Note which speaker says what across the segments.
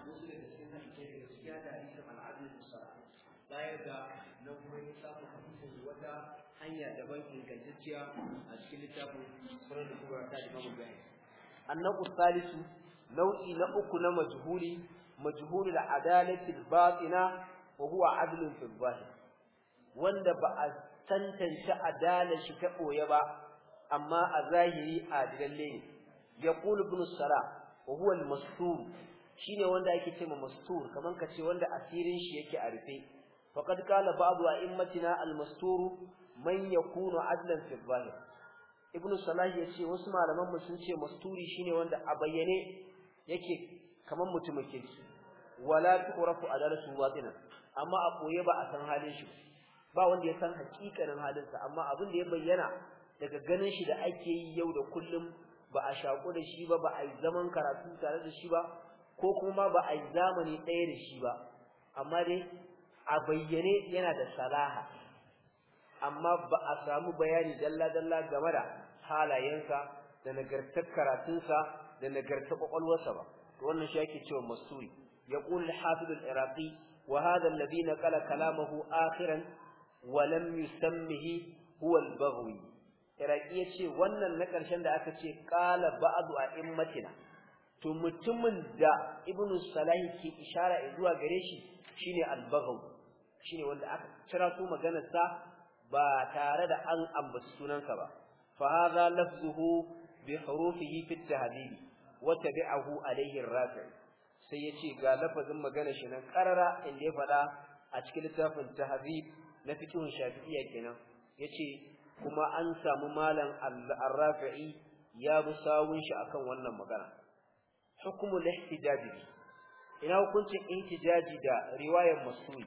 Speaker 1: wasu daga cikin hadisai da gaskiya da hadisin al'adun musara baya ga na kuma ya samu wata hanya daban ingantacciya a cikin littafin sunan da kuma ta imamu bayan annabu salisu nau'i na uku na majhuli majhulul adalati batina wa huwa adlun fil wanda ba a tantance adalar shi ta boye ba amma a zahiri adilalle ne yaqulu ibn sara wa huwa al-mastur shine wanda yake cewa mastur kaman kace wanda asirin shi yake a rufe faqad qala ba'du a'immatina al-masturu man yakunu adlan fi zahir ibnu salah yace wasu malaman mu sun ce masturi shine wanda a bayyane yake kaman mutumin kirki wala tuqrafu adalatu batinan amma a koye ba a san halin shi ba wanda ya san hakikanin halinsa amma abin da ya bayyana daga ganin shi da ake yi yau da kullum ba a shaku da shi ba ba a yi zaman karatu tare da shi ba ko kuma ba a zamani ɗaya da shi ba amma dai a bayyane yana da salaha amma ba a samu bayani dalla-dalla game da halayensa da nagartar karatunsa da nagartar kwakwalwarsa ba wannan shi ake cewa masuri ya ƙuli hafizu iraqi wa hada na kala kalamahu akiran wa lam yusammihi huwal al-baghwi ya ce wannan na ƙarshen da aka ce ƙala ba'adu a immatina to mutumin da ibnu salahi ke ishara zuwa gare shi shine al shine wanda aka kira su maganar sa ba tare da an ambaci sunansa ba fa hadha lafzuhu bi hurufihi fi tahdidi wa tabi'ahu alayhi ar-rafi' sai yace ga lafazin maganar shi nan karara inda ya fada a cikin littafin tahdid na fiqh shafi'iyya kenan yace kuma an samu malam al-rafi'i ya bi sawun shi akan wannan magana hukmul ihtijaj ina hukuncin ihtijaji da riwayar masui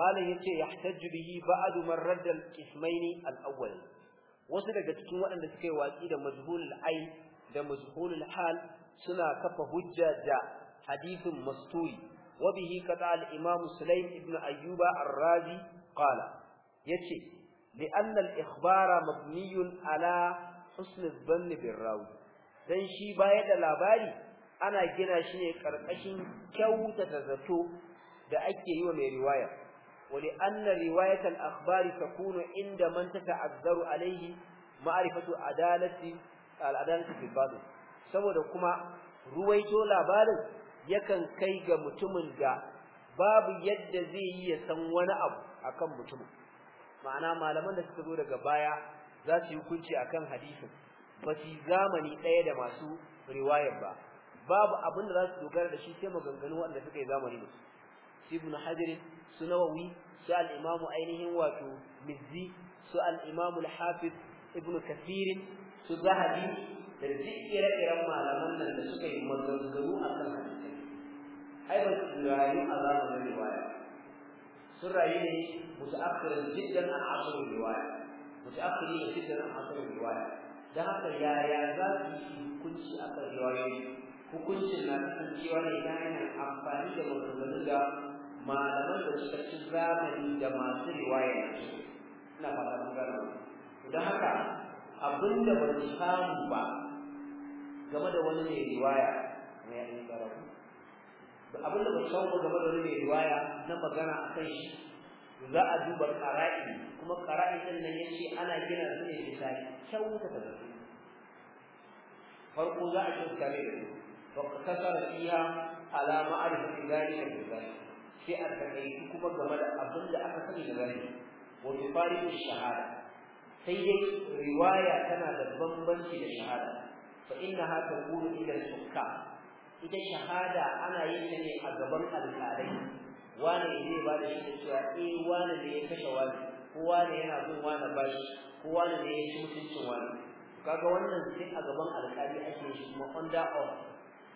Speaker 1: malam yace yahtaju bihi ba'd man radda al-qismaini al-awwal wasu daga cikin waɗanda suka yi watsi da majhulul ai da majhulul hal suna kafa hujja da hadithin masturi wa bihi qata al-imam sulaim ibn ayyuba ar-razi qala yace لأن الإخبار مبني على حسن الظن بالراوي dan shi baya da labari ana gina shi ne karkashin kyautata zato da ake yi wa mai riwaya wali anna riwayat al akhbari takunu inda man tata'azzaru alayhi ma'rifatu adalati al adalati fil bad saboda kuma ruwaito labarin yakan kai ga mutumin da babu yadda zai yi ya san wani abu akan mutumin ma'ana malaman da suka zo daga baya za su yi hukunci akan hadisin ba su zamani ɗaya da masu riwayar ba babu abin da za su dogara da shi sai maganganu wanda suka yi zamani ne. su ibn hajar su nawawi su al-imamu ainihin wato mizzi su al-imamu al-hafiz ibn kathir su zahabi da duk ire-iren malaman nan da suka yi maganganu a kan hadisai ai ba su rayu a zamanin riwaya sun rayu ne mutaakhirin jiddan a asirin riwaya mutaakhirin jiddan a asirin riwaya dan haka yaya za su yi hukunci akan riwayoyi hukuncin na kasancewa ne idan yana amfani da maganganun da malaman da suka ci zamani da masu riwaya na fata gano don haka abin da ba su samu ba game da wani mai riwaya mai an garabu abin da ba su samu game da wani mai riwaya na magana a kan shi za a duba kara'i kuma kara'i ɗin nan ya ce ana gina su ne bisa kyautata da su farko za a kyautata ne da su واقتصر فيها على معرفة ذلك بذلك في التقيت كما جمل أبن لأكثر ذلك وتفارق الشهادة سيدي رواية تنا بمبن في الشهادة فإنها تقول إلى السكة إذا شهادة أنا يجني أجبر الكاري وانا يجري بعد شيء سواء إيه وانا اللي يكشف وانا وانا هنا وانا باش وانا اللي يشوف شو وانا kaga wannan sai a gaban alƙali ake shi kuma under oath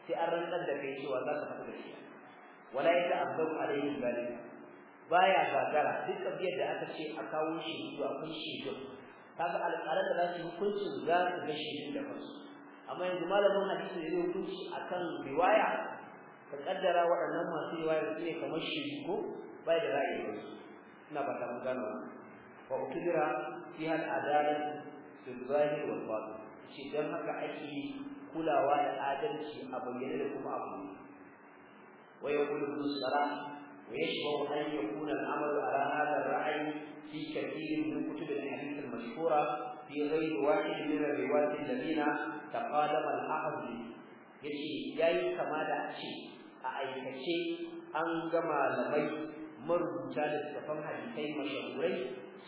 Speaker 1: sai an rantsar da kai cewa za ka fita da shi wala ya ta'azzabu alaihi zalim baya gagara duk kabiyar da aka ce a kawo shi zuwa kun shi kaga alƙalan da za su hukuncin za su ga shi da kansu amma yanzu malamin hadisi da zai hukunci akan riwaya ka kaddara waɗannan masu riwaya su ne kamar shi ko bai da ra'ayi ina ba ta magana wa ukidira fi hal adalat fil wal batin shi dan haka ake kulawa da adalci a bayyane da kuma abu wa yaqulu ibn salah wa yashbu an yakuna al-amal ala hadha ar-ra'yi fi kathir da kutub al-hadith al-mashhura fi ghayr wahid min ar-riwayat alladhina taqadama al-ahd yace yayi kama da ce a aikace an gama malamai marubuta da tafan hadisai mashahurai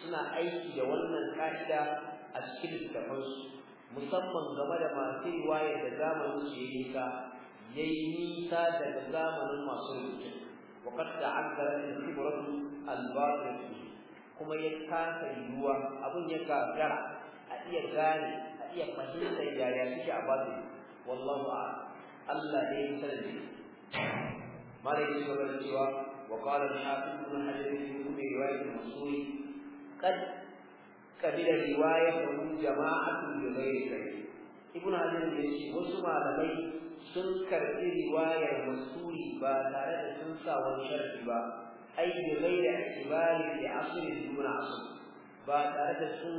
Speaker 1: suna aiki da wannan ka'ida a cikin littafansu musamman game da masu waye da zamanin su yi nisa yi nisa daga zamanin masu rubutu wa an gara da kibratu al-batil kuma ya kasa yiwuwa abin ya gagara a iya gane a iya ya yaya suke a batil wallahu a'lam Allah ne ya Mara malai shi wa cewa wa qala al-hafiz ibn kuma yi riwayat yi masu yi kabila riwaya wani jama'atun da bai kai ibn hajar ya ce wasu malamai sun karɓi riwayar masuri ba tare da sun sa wani sharfi ba ai da bai da ikibari da asirin duna asu ba tare da sun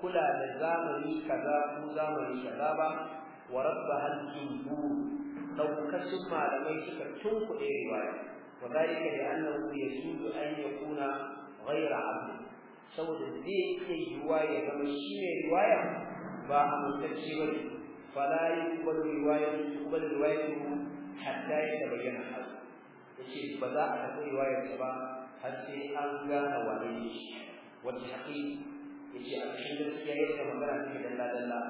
Speaker 1: kula da zamani kaza ko zamani kaza ba wa rabba hal jumhur daukacin malamai suka tunkuɗe riwaya وذلك لأنه يجوز أن يكون غير عبد saboda zai iya yiwuwa ya zama shi ne riwaya ba a shi ba ne za a yi fala yuqbalu riwayatu yuqbalu riwayatu hatta yatabayyana Ya ce ba za a taɓa tafi da ba har sai an gane wane ne shi wata haƙi ce a cikin gaskiya yadda magana take dalla dalla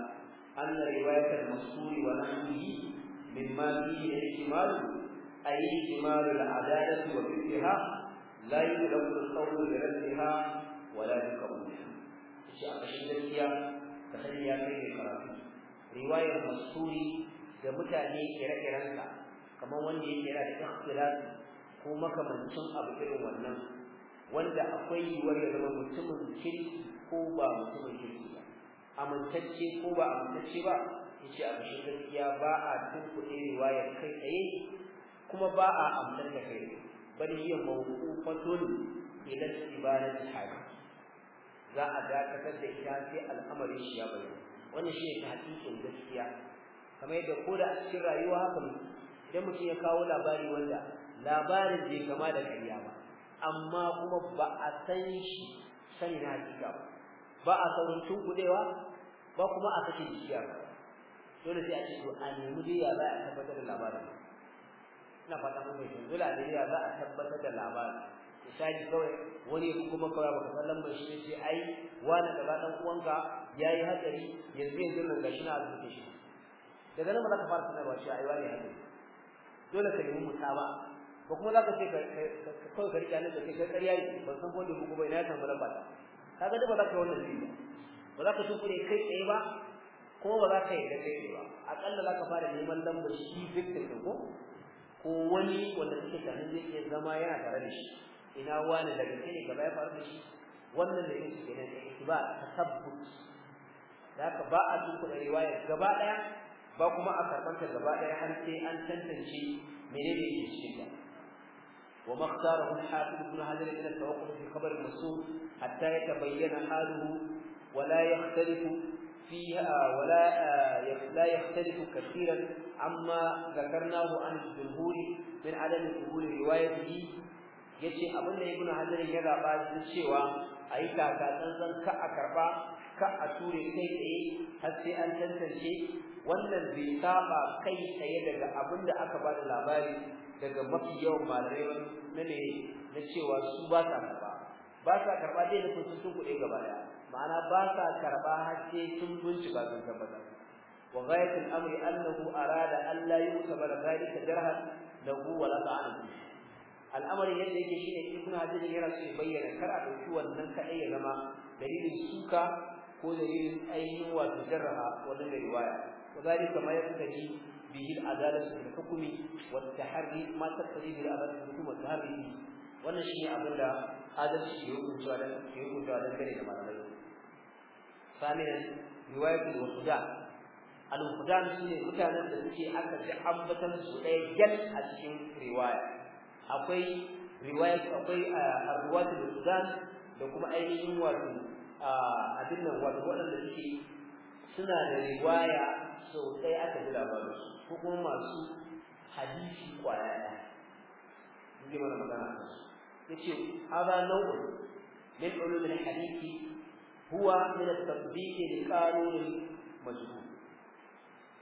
Speaker 1: anna riwayat al-masuri wa nahwihi mimma fihi ihtimal ay ihtimal al-adalah wa fiqha la yuqbalu al-qawlu bi raddiha wala yuqabu shi a kashin gaskiya ka sani ya kai karatu riwayar masuri da mutane ire-irensa kamar wanda yake yana da ikhtilafi ko makamancin abu irin wannan wanda akwai yiwuwar ya zama mutumin kirki ko ba mutumin kirki ba amintacce ko ba amintacce ba yace a kashin gaskiya ba a tunkuɗe riwayar kai tsaye kuma ba a amsar da kai bal hiya mawqufatun ila ibadati hali za a dakatar da ita sai al'amarin shi ya bayyana wannan shi ne hakikin gaskiya kamar yadda ko da a cikin rayuwa haka idan mutum ya kawo labari wanda labarin bai kama da ƙarya ba amma kuma ba a san shi sani na hakika ba ba a saurin tunkuɗewa ba kuma a sake jikiya ba dole sai a ce to a nemi dai ya za a tabbatar da labarin ina fata mun mai dole a dai ya za a tabbatar da labarin misali kawai wani ya kuma kawai baka san lambar shi ce ai wani gaba dan uwanka yayi hatsari yanzu yanzu nan gashi na azumi shi daga nan ba za ka fara sanarwa shi ai wani hatsari dole ka mu mutaba ko kuma za ka ce ka kawai ka riƙe nan da kai kai ƙarya ne ban san ko da ku bai na san lamba ta kaga da ba za ka yi wannan ne ba za ka kure kai tsaye ba ko ba za ka yi da kai tsaye ba akalla za ka fara neman lambar shi da ko ko wani wanda suke tare zai iya zama yana tare da shi ina wani daga ne gaba ya faru da shi wannan da yake kenan ittiba tasabbut haka ba a duka riwaya gaba daya ba kuma a karbanta gaba daya har sai an tantance menene yake cikin ta wa makhtaru al-hafiz ibn hajar ila tawaqquf fi khabar al-masul hatta yatabayyana haluhu wa la yakhtalifu fiha wa la eh, la yakhtalifu kathiran amma dhakarnahu an al-jumhur min adam qubul riwayatihi yace abin da ibnu hajar ya zaba cewa ayi kaka tsantsan ka a karba ka a ture kai tsaye har sai an tantance wannan bai saba kai tsaye daga abin da aka bada labari daga mafi yawan malamai na ne na cewa su ba sa karba ba sa karba dai da sun sun kuɗe gaba daya ma'ana ba sa karba har sai sun bincika sun tabbata wa ghayatul amri annahu arada an la yu'tabara dhalika jarhan lahu wa la ta'ala al'amarin yadda yake shi ne ibnu hajar yana so ya bayyana kar a ɗauki wannan kaɗai ya zama dalilin suka ko dalilin ainihin wato jarraha wannan da riwaya وذلك ما يقتضي به العدالة في الحكم والتحري ما تقتضي به العدالة في الحكم والتحري wannan ne abin da adalci ya hukunta da ya hukunta da gare da malamai ta wa kuda al wusudan shine mutanen da suke aka ji ambatan su ɗaya gal a cikin riwaya akwai riwayat akwai arwat al-sudan da kuma ainihin wato abin nan wato waɗanda suke suna da riwaya sau ɗaya aka ji labarin su ko kuma masu hadisi kwaya ɗaya in ji mana magana a kansu ya ce hada nau'in min ulumin hadisi huwa min at-tatbiqi li qanunin majhul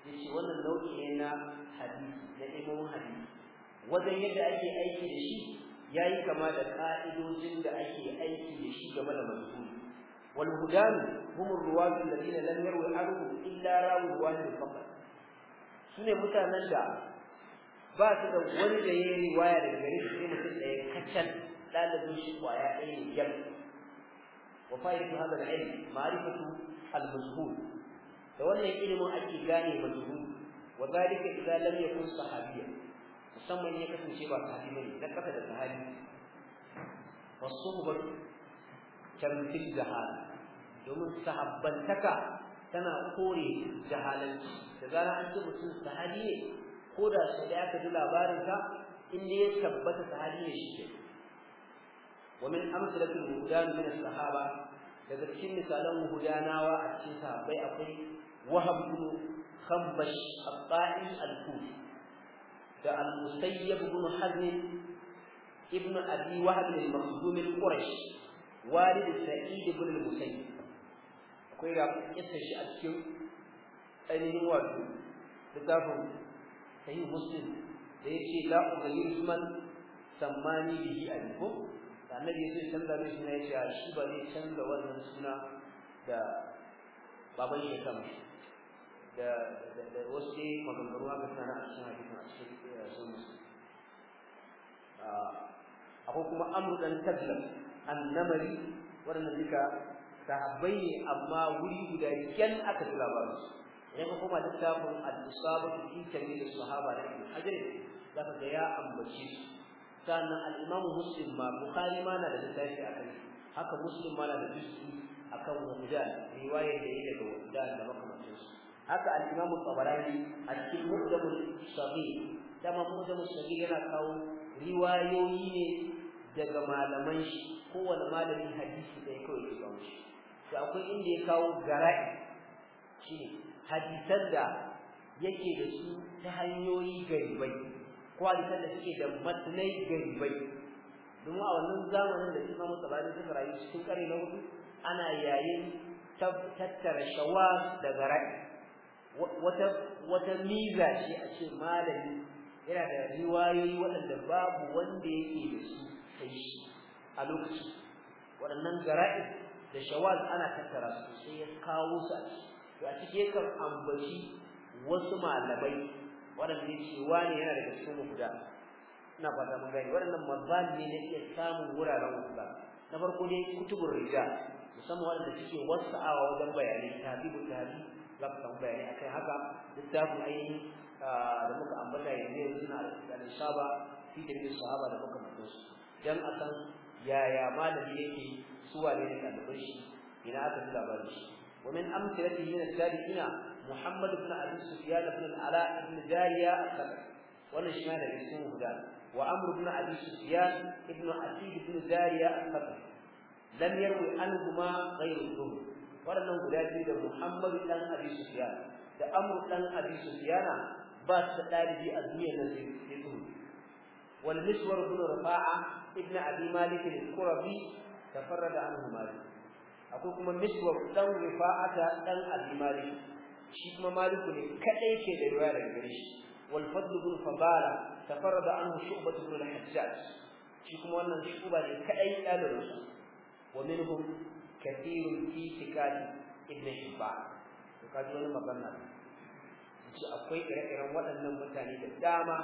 Speaker 1: yace wannan nau'i ne na hadisi na imamu hadisi wajen yadda ake aiki da shi ya yi kama da ka'idojin da ake aiki da shi game da mazmuni wal hudan hum ruwat alladhina lam yarwi anhu illa rawi wahid Su ne mutanen da ba su da wani da yayi riwaya daga gare shi mutum da ya kacal dalibin shi kwaya ɗaya ne wa fa'idatu hada al-ilm ma'rifatu al al-mazhul da wannan ilimin ake gane mazhul wa dhalika idan lam yakun sahabiyyan musamman ya kasance ba sahabi bane na kasa da sahabi wasuhbat tamfil jahal domin sahabbantaka tana kore jahalanci da zara an ce mutum sahabi ne ko da shi da aka ji labarin ka in ya tabbata sahabi ne shi ke ومن أمثلة الوهدان من الصحابة daga cikin misalan hudanawa a cikin sahabbai akwai wahab bin khabbash al da al-musayyab ibn hazm ibn abi wahab al-makhzum al-qurash walid sa'id ibn al-musayyib akwai da kissa shi a cikin ainihin wato littafin sahih muslim da yace la ughayyiru isman sammani bihi alikum annabi ce canza mai suna yace shi ba zai canza wannan suna da baban shi da wasu maganganu aka tsara a cikin hadisi a cikin sunan akwai kuma Amurdan dan annamari wannan duka sahabbai ne amma wuri guda kyan aka tura ba su idan ka koma littafin al-isabatu fi kamil sahaba da ibn hajar ka ga ya ambaci su sannan al-imam muslim ma bukhari ma na da littafi akan haka muslim ma na da bisu akan wanda riwaya da yake daga wanda da su? haka al-Imam Tabarani a cikin Mujamul Sahih dama Mujamul sabi yana kawo riwayoyi ne daga malaman shi kowane malamin hadisi da kawai ke kawo shi to akwai inda ya kawo gara'i shi hadisan da yake da su ta hanyoyi garibai ko hadisan da suke da matnai garibai domin a wannan zamanin da Imam Tabarani suka rayu cikin kare na hudu ana yayin tattara shawar da gara'i wata miza shi a ce malami yana da riwayoyi waɗanda babu wanda yake da su sai shi a lokaci waɗannan gara'i da shawal ana tattara su sai ya kawo su a ciki a ciki kan ambaci wasu malamai waɗanda ce ne yana daga cikin guda ina fata mun gani waɗannan mazali ne na iya samun wuraren wasa na farko dai kutubun rija musamman waɗanda suke wasu wasa'awa wajen bayanai tabibu tafi za ku samu bayani akai haka littafin ainihin ah, da muka ambata yanzu yanzu da al-saba fi jirgin sahaba da muka mutu dan a san yaya malami yake suwa ne da ɗaliban shi ina aka ji labarin shi ومن أمثلته من التابعين محمد بن أبي سفيان بن العلاء بن جارية السلفي ونشمان اسمه ده وأمر بن أبي سفيان بن أسيد بن جارية السلفي لم يروي عنهما غير الظهر wannan guda biyu da Muhammad dan Abi Sufyan da Amr dan Abi Sufyan ba su dalibi a duniyar nan sai su wal Miswar bin Rafa'a ibn Abi Malik al-Qurabi tafarrada anhu Malik akwai kuma Miswar dan Rafa'ata dan Abi Malik shi kuma Malik ne kadai ke da riwaya daga gare shi wal Fadl bin Fadala tafarrada anhu Shu'bah bin al-Hajjaj shi kuma wannan Shu'bah ne kadai dalilin wa minhum kathirun fi tikati ibn shibba to ka ji wani magana ce akwai ire-iren waɗannan mutane da dama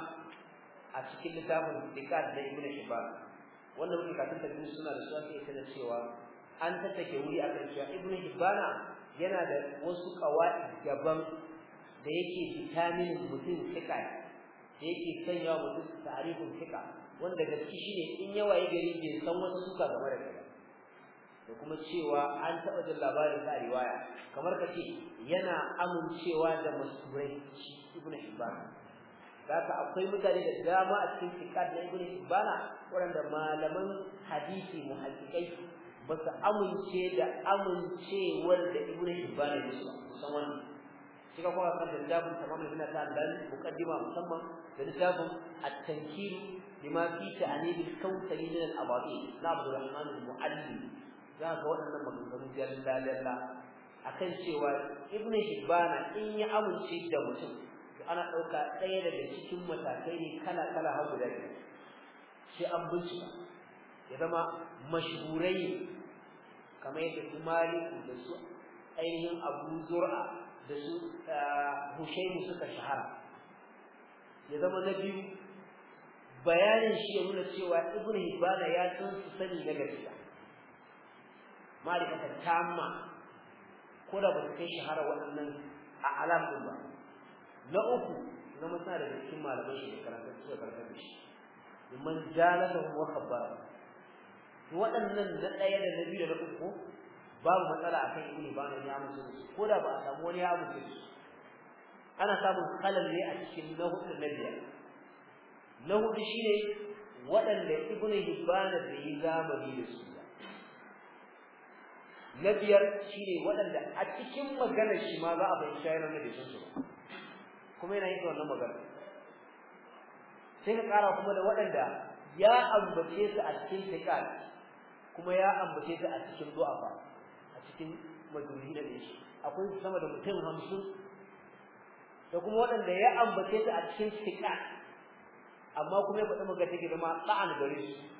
Speaker 1: a cikin littafin tikat na ibn shibba wannan mutane da suna da su ake da cewa an tattake wuri a kan cewa ibn hibbana yana da wasu kawai daban da yake vitaminin mutum fika da yake sanya mutum tarihin fika wanda gaske shine in yawa ya gari bai san wasu suka game da kai da kuma cewa an taɓa jin labarin ta riwaya kamar ka ce yana amincewa da masurai shi ibnu hibban ka akwai mutane da dama a cikin fiqh na ibnu hibban waɗanda malaman hadisi muhaddiqai ba su amince da amincewar da ibnu hibban ya musu kusan wannan shi ka kuma san da littafin tamam ibn ta dan mukaddima musamman da littafin at tankiri bima fi ta'anid al min al-abadi na Rahman al-Muallim za ka waɗannan maganganu dalla dalla akan cewa ibn hibbana in ya amince da mutum to ana ɗauka ɗaya daga cikin matakai ne kala kala har guda biyu sai an bincika ya zama mashhurai kamar yadda su maliku da su ainihin abu zur'a da su hushainu suka shahara ya zama na biyu bayanin shi ya nuna cewa ibn hibbana ya san su sani na gaskiya ma'rifatan tamma ko da ba kai shahara waɗannan a alamun ba na uku na suna da cikin malamai shi da karanta suka karanta da shi man jalasa wa To waɗannan na ɗaya da na biyu da na uku babu matsala akan ibnu bana ya musu ko da ba a samu wani ya musu ana samun kalal ne a cikin na hudu na biyar na hudu shine waɗanda ibnu hibban bai yi zamani da su na biyar ne waɗanda a cikin maganar shi ma za a bai shayarar da bai su ba kuma yana yin wannan magana sai ka ƙara kuma da waɗanda ya ambace su a cikin teƙar kuma ya ambace su a cikin ba a cikin maduhi da shi akwai sama da mutum hamsin da kuma waɗanda ya ambace su a cikin teƙar amma kuma ya faɗi magana take zama ɗa'an gare su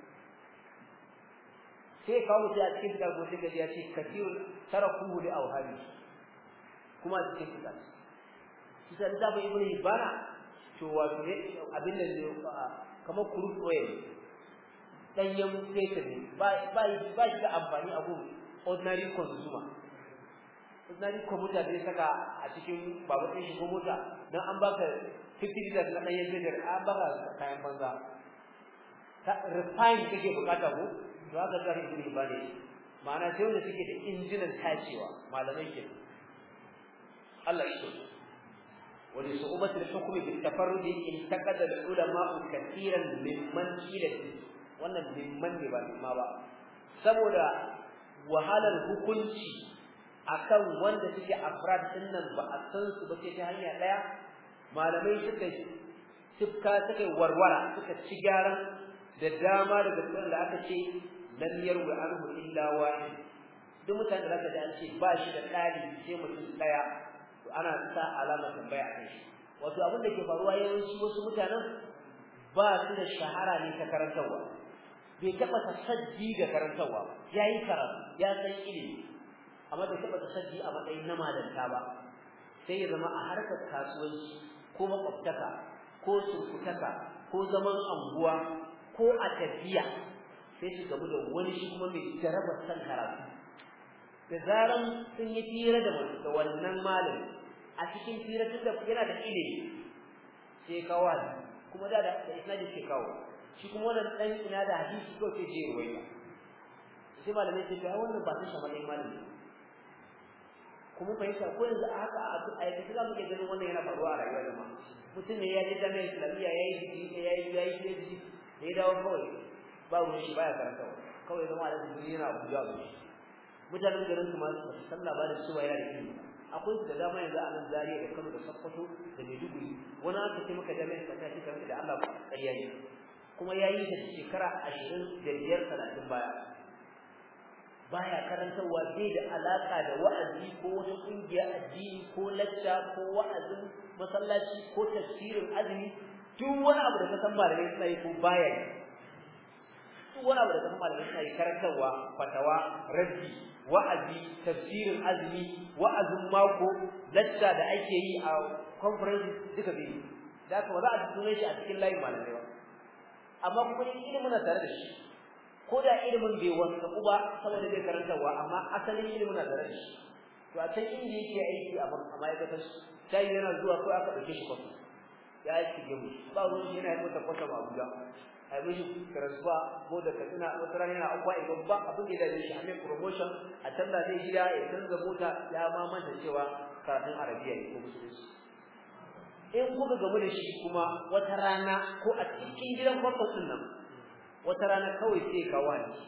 Speaker 1: sai kawo mutum a cikin fitar goshin gaji ya ce kafirun tarakuhu li auhami kuma a cikin fitar shi sa yi wani ibara to wato ne abin da kamar kurut oil ɗanyen fetur ne ba shi da amfani a gun ordinary consumer ordinary commuter da saka a cikin babu shi shigo don an baka 50 liters na ɗanyen fetur an baka kayan banza refine kake bukata ko to haka zaka ibn hibban ne ma'ana sai wanda suke da injinan tacewa malamai ke Allah shi wani su'ubatul hukmi bil tafarrudi in taqada al ulama katiran mimman kila wannan mimman ne ba mimma ba saboda wahalar hukunci akan wanda suke afrad din nan ba a san su ba sai ta hanya daya malamai suka suka suka warwara suka ci garan da dama daga tsarin da aka ce lam yarwi anhu illa wahid duk mutan da ji an ce ba shi da kali sai mutum daya to ana sa alama tambaya a shi. wato abin da ke faruwa yawanci wasu mutanen ba su da shahara ne ta karantarwa bai taba tasaddi ga karantarwa Ya yayi karatu ya san ilimi amma bai taba tasaddi a matsayin na malanta ba sai ya zama a harkar kasuwanci ko makwabtaka ko surkutaka ko zaman anguwa ko a tafiya sai su gabu da wani shi kuma mai jarabar san karatu da zaran sun yi fira da wannan malam a cikin fira da yana da ilimi sai kawo kuma da da isnadi ke kawo shi kuma wannan dan ina da hadisi ko ke je wai sai malamai sai ga wannan ba ta shamalin malam kuma fahimta ko yanzu haka a aikace za muke ganin wannan yana faruwa a rayuwar jama'a mutum ne ya ji jami'ar islamiyya ya yi yayi yayi yayi da dawo kawai ba ruwan shi baya karantawa kawai zama da zuri yana abuja da shi mutanen garin su ma su san labarin cewa yana da akwai su da dama yanzu a nan zariya da kano da sakkwato da maiduguri wani aka ce maka jami'in ta karanta da allah ƙarya ne kuma ya yi ta shekara ashirin da biyar talatin baya baya karantarwa bai da alaka da wa'azi ko wata ƙungiya addini ko lacca ko wa'azin masallaci ko tafsirin azumi duk wani abu da ka san malamai tsaye ko baya ne duk wani abu da zama malamai suna yi karantarwa fatawa rabbi wa'azi tafsirin azumi wa'azin mako lacca da ake yi a conference duka bai da haka za a tuno shi a cikin layin malamai ba amma kuma ilimin na tare da shi ko da ilimin bai wanka uba saboda bai karantarwa amma asalin ilimin na tare da shi to a can inda yake aiki a ma'aikatar shayi yana zuwa ko aka ɗauke shi kwafi ya aiki gemu ba wani yana yi mata kwata ba abuja abin mishi transfer ko da katsina a wata yana akwa idan ba abin da zai shi a promotion a canza zai gida ya canza mota ya ma manta cewa karatun arabiya ne ko musulunci in kuka gamu da shi kuma wata rana ko a cikin gidan kwakwas din nan wata rana kawai sai ka wani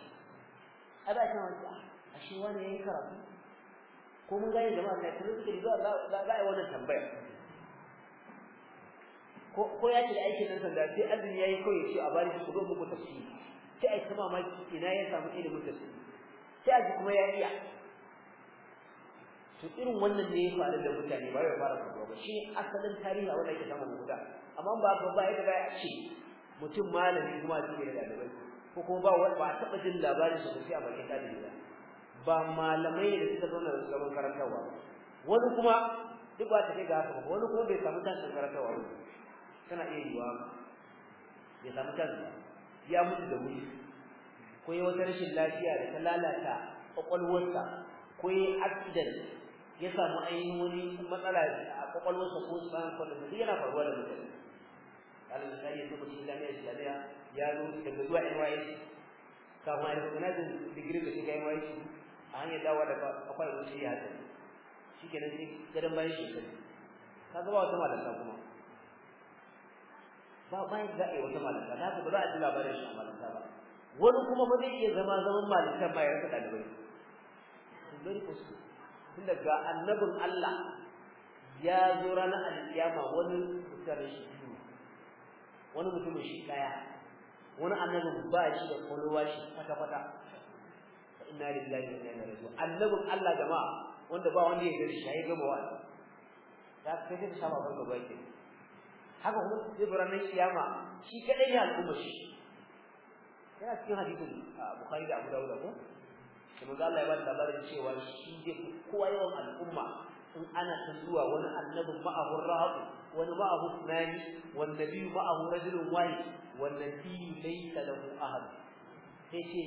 Speaker 1: a ba shi wani a ah, shi wani ya yi karatu ko mun gane jama'a kai suke zuwa za a yi wannan tambaya ko ya ce da aikin nan sanda sai azumi yayi kawai shi a bari su zo muku tafsiri sai ai kuma ma ina ya samu ilimin tafsiri sai aji kuma ya iya to irin wannan ne ya faru da mutane ba ya fara faruwa ba shi asalin tarihi a yake ke samun guda amma ba ba ba yadda ya ce mutum malami kuma a cikin dalibai ko kuma ba ba a taɓa jin labarin su sai a bakin dalibi ba ba malamai da suka zauna da zaman karantarwa wani kuma duk ba ta kai ga haka wani kuma bai samu tashin karantarwa ba tana iya yiwa ya samu kansa ya mutu da wuri ko yi wata rashin lafiya da ta lalata ƙwaƙwalwarsa, ko yi accident ya samu ainihin wani matsala a ƙwaƙwalwarsa ko su bayan kwallon duk yana faruwa da mutane alal misali yanzu mutum jami'a islamiyya ya zo daga zuwa NYS kafin a yi sanadin digiri da shiga nyc a hanyar dawa da akwai wuce ya hatsari shi kenan sai gadon bayan shekaru ka zama wata malaka kuma ba bayan za a yi wata malaka na ka ba za a ji labarin shi a malaka ba wani kuma ba zai iya zama zaman malakan ba ya rasa ɗalibai very su tunda ga annabin Allah ya zo ranar alkiyama wani mutane shi biyu wani mutumin shi ɗaya wani annabin ba shi da kwalwa shi fata-fata inna lillahi wa inna ilaihi raji'un annabin Allah jama'a wanda ba wanda ya gari shi ya gama wa ta kai ta saba ban gaba kenan haka kuma zai biranen kiyama shi kadai ne al'umma shi yana cikin hadisin Bukhari da Abu Dawud ko da manzo Allah ya ba labarin cewa shi zai kowa yawan al'umma in ana ta zuwa wani annabin ma'ahu rahu wani ma'ahu nani wani nabi ma'ahu rajulun wahid wani nabi laysa lahu ahad sai ce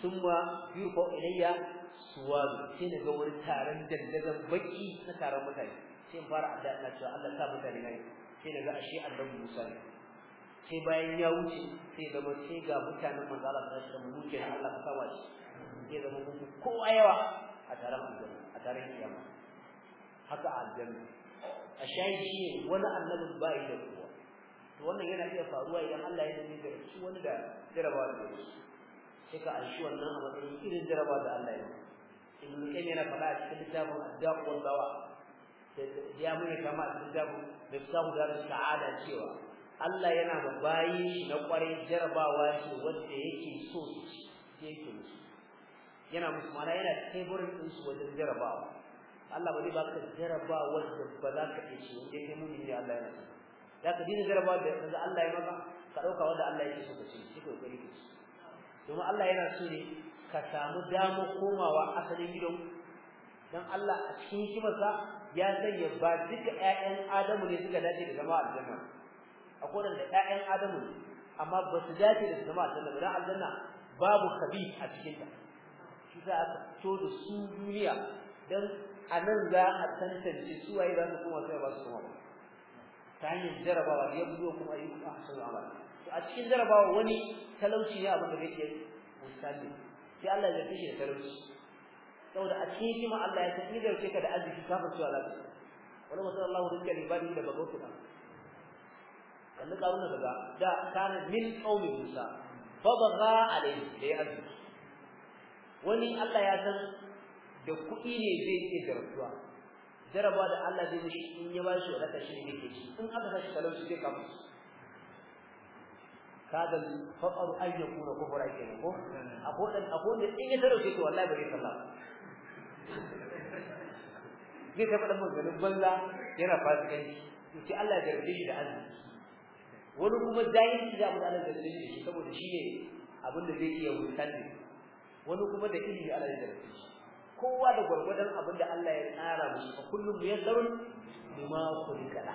Speaker 1: summa yurfa ilayya suwadu sai na ga wani taron dandazon baki na taron mutane sai fara addu'a cewa Allah ta mutane ne sai daga ashe annabi Musa ne sai bayan ya wuce sai zama sai ga mutanen manzo Allah ta shi mu ke Allah ta sawa shi sai zama mun kowa yawa a taron aljanna a taron kiyama haka aljanna a shayi shi ne wani annabin ba yi da kowa to wannan yana iya faruwa idan Allah ya yi da shi wani da jarabawa da shi sai ka aishi wannan a matsayin irin jarabawa da Allah ya yi ibn Qayyim yana faɗa a cikin littafin Ad-Da'wa Dawa ya muni kama a cikin jabu da samu da sa'ada cewa Allah yana da bayi na kwarai jarabawa shi wanda yake so shi yake musu yana musu mana yana teburin din su wajen jarabawa Allah ba zai ba ka jarabawa da ba za ka ce shi wanda kai muni ne Allah yana so da ka dina jarabawa da yanzu Allah ya maka ka dauka wanda Allah yake so ka ci shi ko kai ki domin Allah yana so ne ka samu damu komawa asalin gidan dan Allah a cikin hikimarsa ya sanya ba duka ƴaƴan Adamu ne suka dace da zama aljanna akwai da ƴaƴan Adamu ne amma ba su dace da zama aljanna ba dan aljanna babu khabith a cikin ta shi za a fito da su duniya dan a nan za a tantance su waye za su koma sai ba su koma ba ta hanyar jarabawa ya buzo kuma yi ayyukan ahsanul amal to a cikin jarabawa wani talauci ne abin da yake misali sai Allah ya tashi da talauci saboda a cikin hikima Allah ya tafi da yake da arziki kafin cewa za su wani masu Allah rizka libadi da babu kuɗa kalli karu na daga da kana min ƙaumin Musa fa baga alai da ya arziki wani Allah ya san da kuɗi ne zai da rasuwa jaraba da Allah zai mishi in ya ba shi wadata shi ne ke ci in aka sashi talauci zai kama shi kaga faqar an yakuna kufra kenan ko a ko da in ya tarauke to wallahi bari sallah zai ta faɗa maganganun banza yana fasikanci to ce Allah ya garbe shi da arziki wani kuma zai za mu da Allah ya shi saboda shi ne abin da zai iya wutar da wani kuma da ilimi Allah ya garbe shi kowa da gwargwadon abin da Allah ya tsara mu a kullum yassarun lima kulikala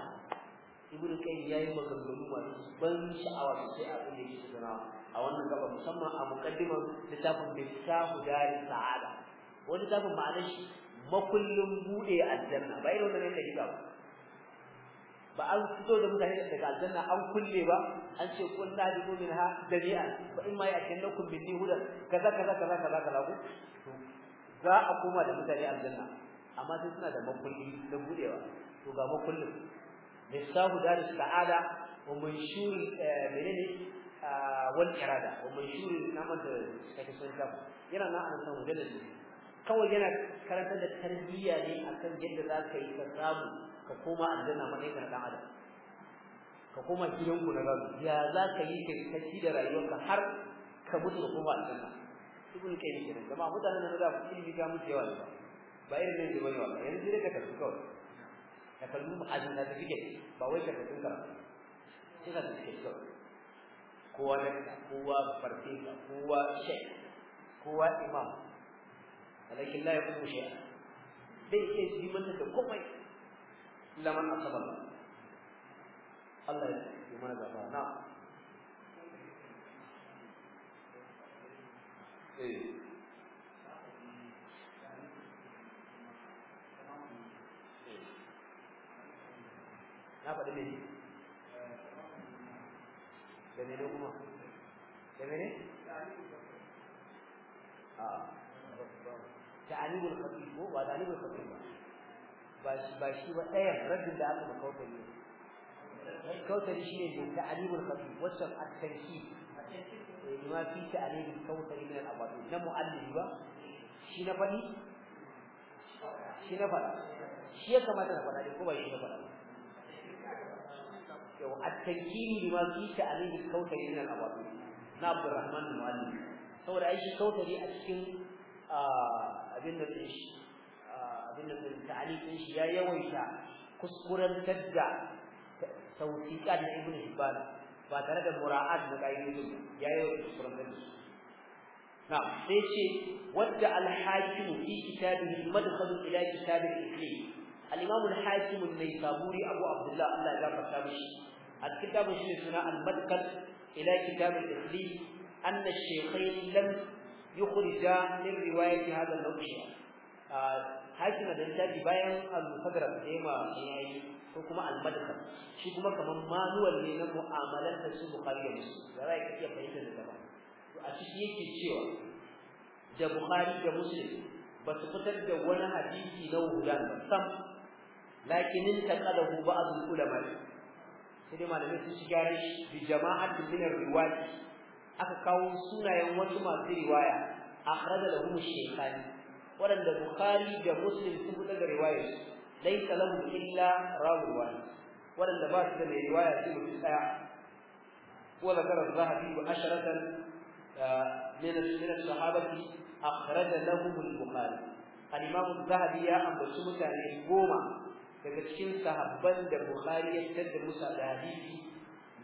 Speaker 1: ibnu qayyim yayi maganganu masu ban sha'awa sosai a abin da shi sanawa a wannan gaba musamman a muqaddimar littafin miftahu gari, sa'ada wani zafin ma'anar shi makullin bude aljanna ba irin wannan yake ba ba an fito da mutane daga aljanna an kulle ba an ce kun la bi ha jami'a fa in ma ya'tinukum bi hudan kaza kaza kaza kaza kaza ku za a koma da mutane aljanna amma sai suna da makulli da budewa to ga makullin lissahu da sa'ada wa manshur eh, menene ah, wal irada wa manshur namat take sun tabu yana na an san wajen kawai yana karantar da tarbiyya ne akan yadda za ka yi ka samu ka koma aljanna matsayin ɗan adam ka koma gidanku na gado ya za ka yi ka kaci da rayuwarka har ka mutu ka koma aljanna ibn kai ne kenan jama'a mutanen nan da su ilimi ga mutu yawa ba ba irin ba jiban yawa yanzu dai ka tafi kawai ka kalmi ma'azin da kake ba wai ka tafi kawai sai ka tafi kawai kowa da kowa farfesa kowa shek kowa imam walakin la yaqumu shay'a dai sai su yi mata da komai laman asabar Allah ya mana gaba na eh na ta'anibul khatib ko ba ta'anibul khatib ba shi ba shi ba ɗayan raddin da aka makautar
Speaker 2: ne kautar shi ne
Speaker 1: da ta'anibul khatib wacce at-tanki ma fi ta'anibul kautar min al-abad na mu'allimi ba shi na fadi shi na fada shi ya kamata na fada ne ko ba shi na fada yau at-tankini ma fi ta'anibul kautar min al-abad na Abdurrahman al-Muallim saboda ai shi kautari a cikin abin da din shi abin da din ta'aliqin shi ya yawaita kuskuren tadda tawfiqan na ibnu hibban ba tare da mura'at da kaidojin ya yawaita kuskuren tadda na'am sai ce wadda al-hakim fi kitabihi madkhalu ila kitab al-iqlim al-imam al-hakim an-naysaburi abu abdullah Allah ya gafarta mishi الكتاب الشيخ سنة المدخل إلى كتاب الإخليل أن الشيخين لم yukhrija min riwayati hadha al-naw'i hakim da littafi bayan al-musagraf da ma yayi ko kuma al-madkhal shi kuma kaman manual ne na mu'amalar da su bukhari da muslim da za ka iya fahimtar da ba to a ciki yake cewa da bukhari da muslim ba su fitar da wani hadisi na wulan ba sam lakinin taqadahu ba'd al-ulama sai dai sun shi aka kawo sunayen wasu masu riwaya da lahum shaykhani waɗanda bukhari da muslim sun fitar da riwayar su laysa lahum illa rawi wahid waɗanda ba su da mai riwaya sai mutum ɗaya wa zakara zahabi wa asharatan من a الصحابة da لهم bukari, الإمام الذهبي ya أبو mutane goma daga cikin sahabban da bukari ya fitar da musa da hadisi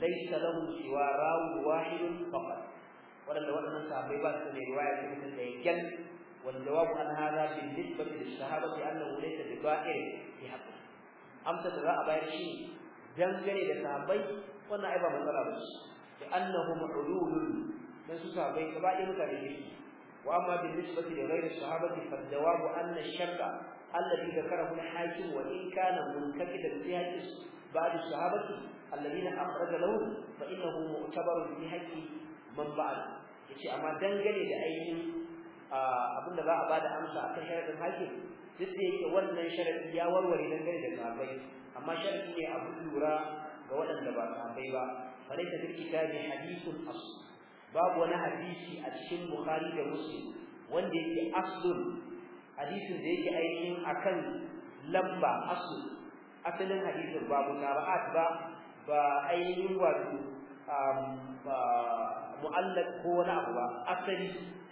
Speaker 1: laysa lahu siwa rawu wahidun faqat wadanda wadannan sahabbai ba su da riwaya ta mutum da yakin Wanda jawab an hada bil nisbati lis sahabati annahu laysa bi ba'ir fi haqqi amsa da za a bayar shi dangane da sahabbai wannan ai ba matsala ba shi da annahum ululun dan su sahabbai gaba ɗaya mutane ne wa amma bil nisbati li ghairi sahabati fa jawab anna shakka alladhi dhakarahu al-hakim wa in kana muntaqidan fi hadis بعد الصحابة الذين أخرج لهم فإنه مؤتبر في حق من بعد yace amma dangane da ainihin abin za a bada amsa akan sharadin hakim duk da yake wannan sharadi ya warware dangane da sahabbai amma sharadi ne abu lura ga waɗanda ba sahabbai ba falaysa fil kitabi hadithun asl babu wani hadisi a cikin bukhari da muslim wanda yake da yake ainihin akan lamba aslun asalin hadisin ba mutaba'at ba ba ainihin wato mu'allaq ko wani abu ba asali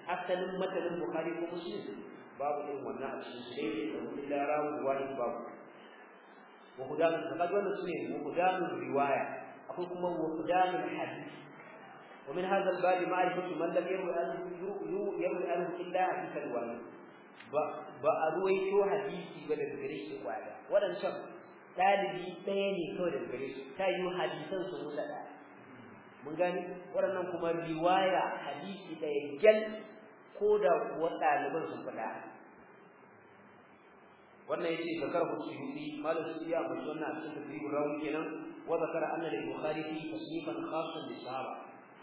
Speaker 1: asalin matanin bukhari ko muslim babu irin wannan a cikin sai da wani larawa wani babu wahudanun kaga wannan sune hudan riwaya akwai kuma wa wahudanun hadisi ومن هذا الباب معرفة من لم يروي عنه يروي عنه illa حديث الوالد ba a ruwaito hadisi ba da gare shi kwaya wadannan ɗalibi ɗaya ne kawai daga gare su ta yi hadisan su musa ɗaya mun gani waɗannan kuma riwaya hadisi ɗaya gyal ko da kuwa ɗaliban sun faɗa wannan ya ce yace zakar ku suyuti malam suyuti ya bayyana wannan a cikin tafsir rawi kenan wa zakara anna lil bukhari fi tasnifan khassan lis sahaba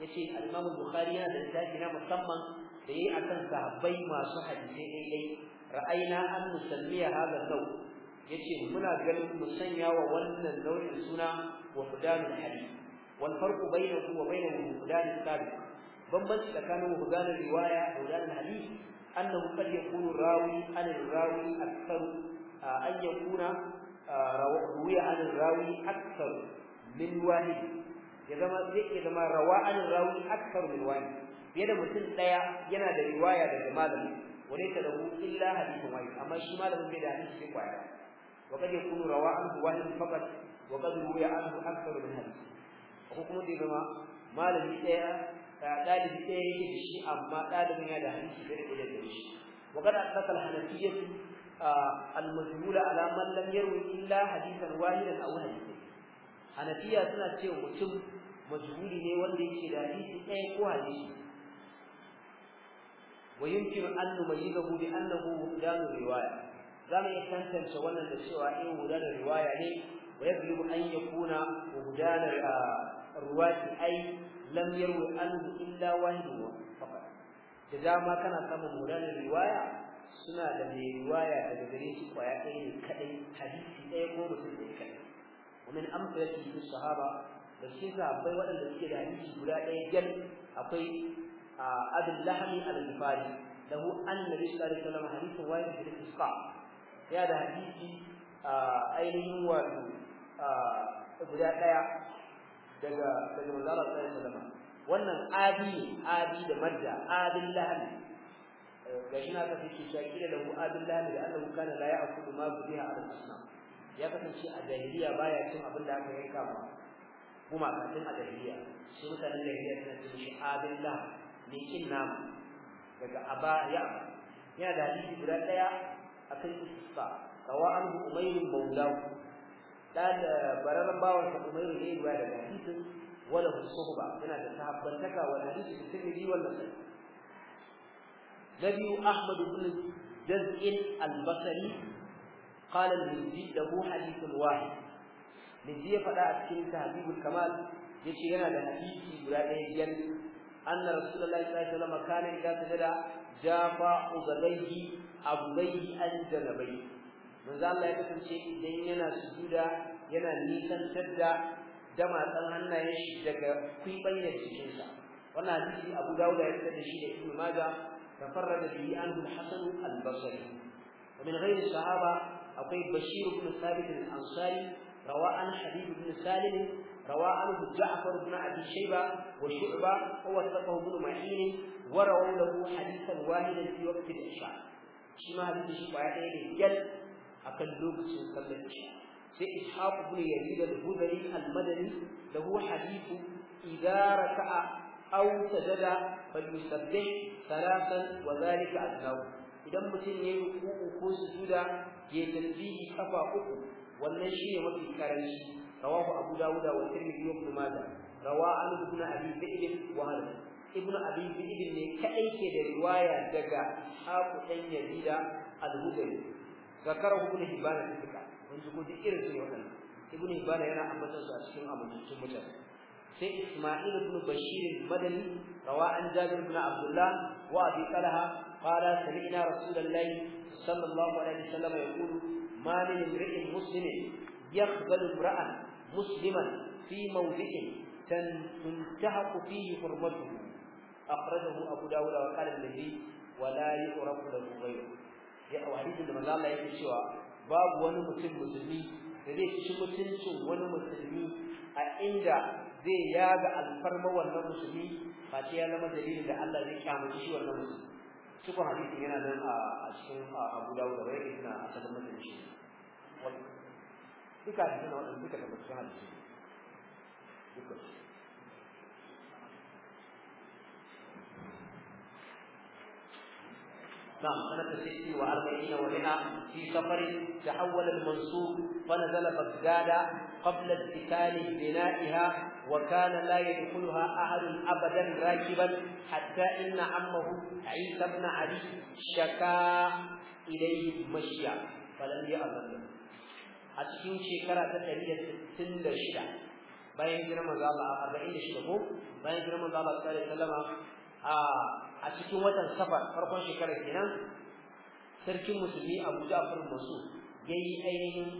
Speaker 1: yace al-imam bukhari yana da littafi na musamman da ya yayi akan sahabbai masu hadisi ɗaya ra'ayna an nusammiya hadha sau." yace muna ganin mu sanya wa wannan nau'in suna wa al-hadi wal farq bainahu wa bainahu al sabiq bambanci tsakanin fudanul riwaya da al-hadi annahu qad yakunu rawi an rawi akthar an yakuna rawi an rawi akthar min wahid ya zama zai iya zama rawa an rawi akthar min wahid fiye da mutum daya yana da riwaya daga malami wani laysa lahu illa hadithun wahid amma shi malamin bai da hadisi kwaya وقد يكون روى عنه واحد فقط وقد روي عنه أكثر من هذا وحكم دي بما ما لم يتأى ɗalibi ɗaya yake da shi amma ɗalibin ya da hanci da ɗaya da shi وقد أطلق الحنفية المدلول على من لم يروي إلا حديثا واحدا أو حديثين حنفية سنة تيو متم مجهول ne wanda yake da hadisi ɗaya ko hadisi ويمكن أن نميزه بأنه مقدام الرواية zamu iya tantance wannan da cewa in gudanar riwaya ne wa yajibu an yakuna gudanar ah, ruwati ai lam yarwi anhu illa wahidu faqat da dama kana samun gudanar riwaya suna da mai riwaya daga gare shi kwaya ɗaya ne kadai hadisi ɗaya ko mutum ɗaya kadai ومن أمثلته الصحابة da shi sahabbai waɗanda suke da hadisi guda ɗaya gyal akwai ah, abin lahami al-bukhari lahu anna rasulullahi sallallahu alaihi wasallam hadithu wahid fil isqa ya da hadisi ainihin wato guda ɗaya daga daga manzala tsaye da zama wannan abi abi da madda abin lahani ga shi na kasance ke shakira da abin lahani da allahu kana la kudu ma biha a asnam ya kasance a jahiliya baya cin abin da aka yanka ba kuma kafin a jahiliya shi mutanen jahiliya suna cin shi abin lahani ne kin nama daga aba ya yana da hadisi guda ɗaya akan istisqa kawa anhu umayr mawlahu dan bararan bawan sa umayr ne ya da hadisin wala suhba yana da sahabban sahabbantaka wal hadisi bi ji wala nasai nabi ahmad ibn jaz'in al-basri qala al-mizzi lahu hadithun wahid mizzi ya fada a cikin tahdibul kamal yace yana da hadisi guda daya yan anna rasulullahi sallallahu alaihi wasallam kana idza sajada jafa uzalaihi abulaihi an janabai manzo Allah ya kasance idan yana sujuda yana nisantar da tsan hannayen shi daga kwibanyar cikinsa wannan hadisi Abu Dawud ya fitar da shi da Ibn Majah tafarrada bihi anhu al-Hasan al-Basri wa min ghairi sahaba akwai Bashir ibn Thabit al-Ansari rawa an Habib ibn Salim rawa an Ja'far ibn Abi Shayba wa Shu'ba wa wasaqahu ibn Ma'in wa rawu lahu hadisan wahidan fi waqti isha shi ma hadisi shi kwaya ɗaya ne gyal akan lokacin sallar isha sai ishaq ibn yazid da hudari al-madani lahu hadithu idza raka'a aw sajada falyusabbih thalathan idan mutum yayi ruku'u ko sujuda ya tasbihi kafa uku wannan shi ne mafi karanci rawahu abu dawud wa tirmidhi wa ibn majah rawa an ibn abi sa'id wa ibnu abi zaid ne kadai ke da riwaya daga haku dan yazida al-hudayr zakarahu ibnu hibban da fika wanda ko duk irin su ne wannan ibnu hibban yana ambata su cikin abincin mutane sai isma'il ibn bashir al-madani rawa an jabir ibn abdullah wa abi talha qala sami'na rasulullahi sallallahu alaihi wasallam yaqulu ma min imri'in muslimin يقبل امرأ مسلما في موضع تنتهك فيه حرمته akhrajahu abu dawud wa qala al-nabi wa la yuqrabu lahu ghayru ya a hadisin da manzo Allah yake cewa babu wani mutum musulmi da zai ci mutuncin wani musulmi a inda zai yaga alfarma wannan musulmi ba ce ya dalilin da Allah zai kyamu shi wannan musulmi cikin hadisin yana nan a cikin Abu Dawud da Bukhari ina a cikin mutum shi duka hadisin duka da mutum hadisi نعم سنة ست وأربعين ومئة في سفر تحول المنصور فنزل بغداد قبل اتكال بنائها وكان لا يدخلها أحد أبدا راكبا حتى إن عمه عيسى بن علي شكا إليه مشيا فلم يأذن a cikin shekara ta ɗari da sittin da shida bayan girman zaba a arba'in da shida ko bayan girman zaba a tsari salama a cikin watan safar farkon shekarar kenan sarkin musulmi Abu Ja'far ya yi ainihin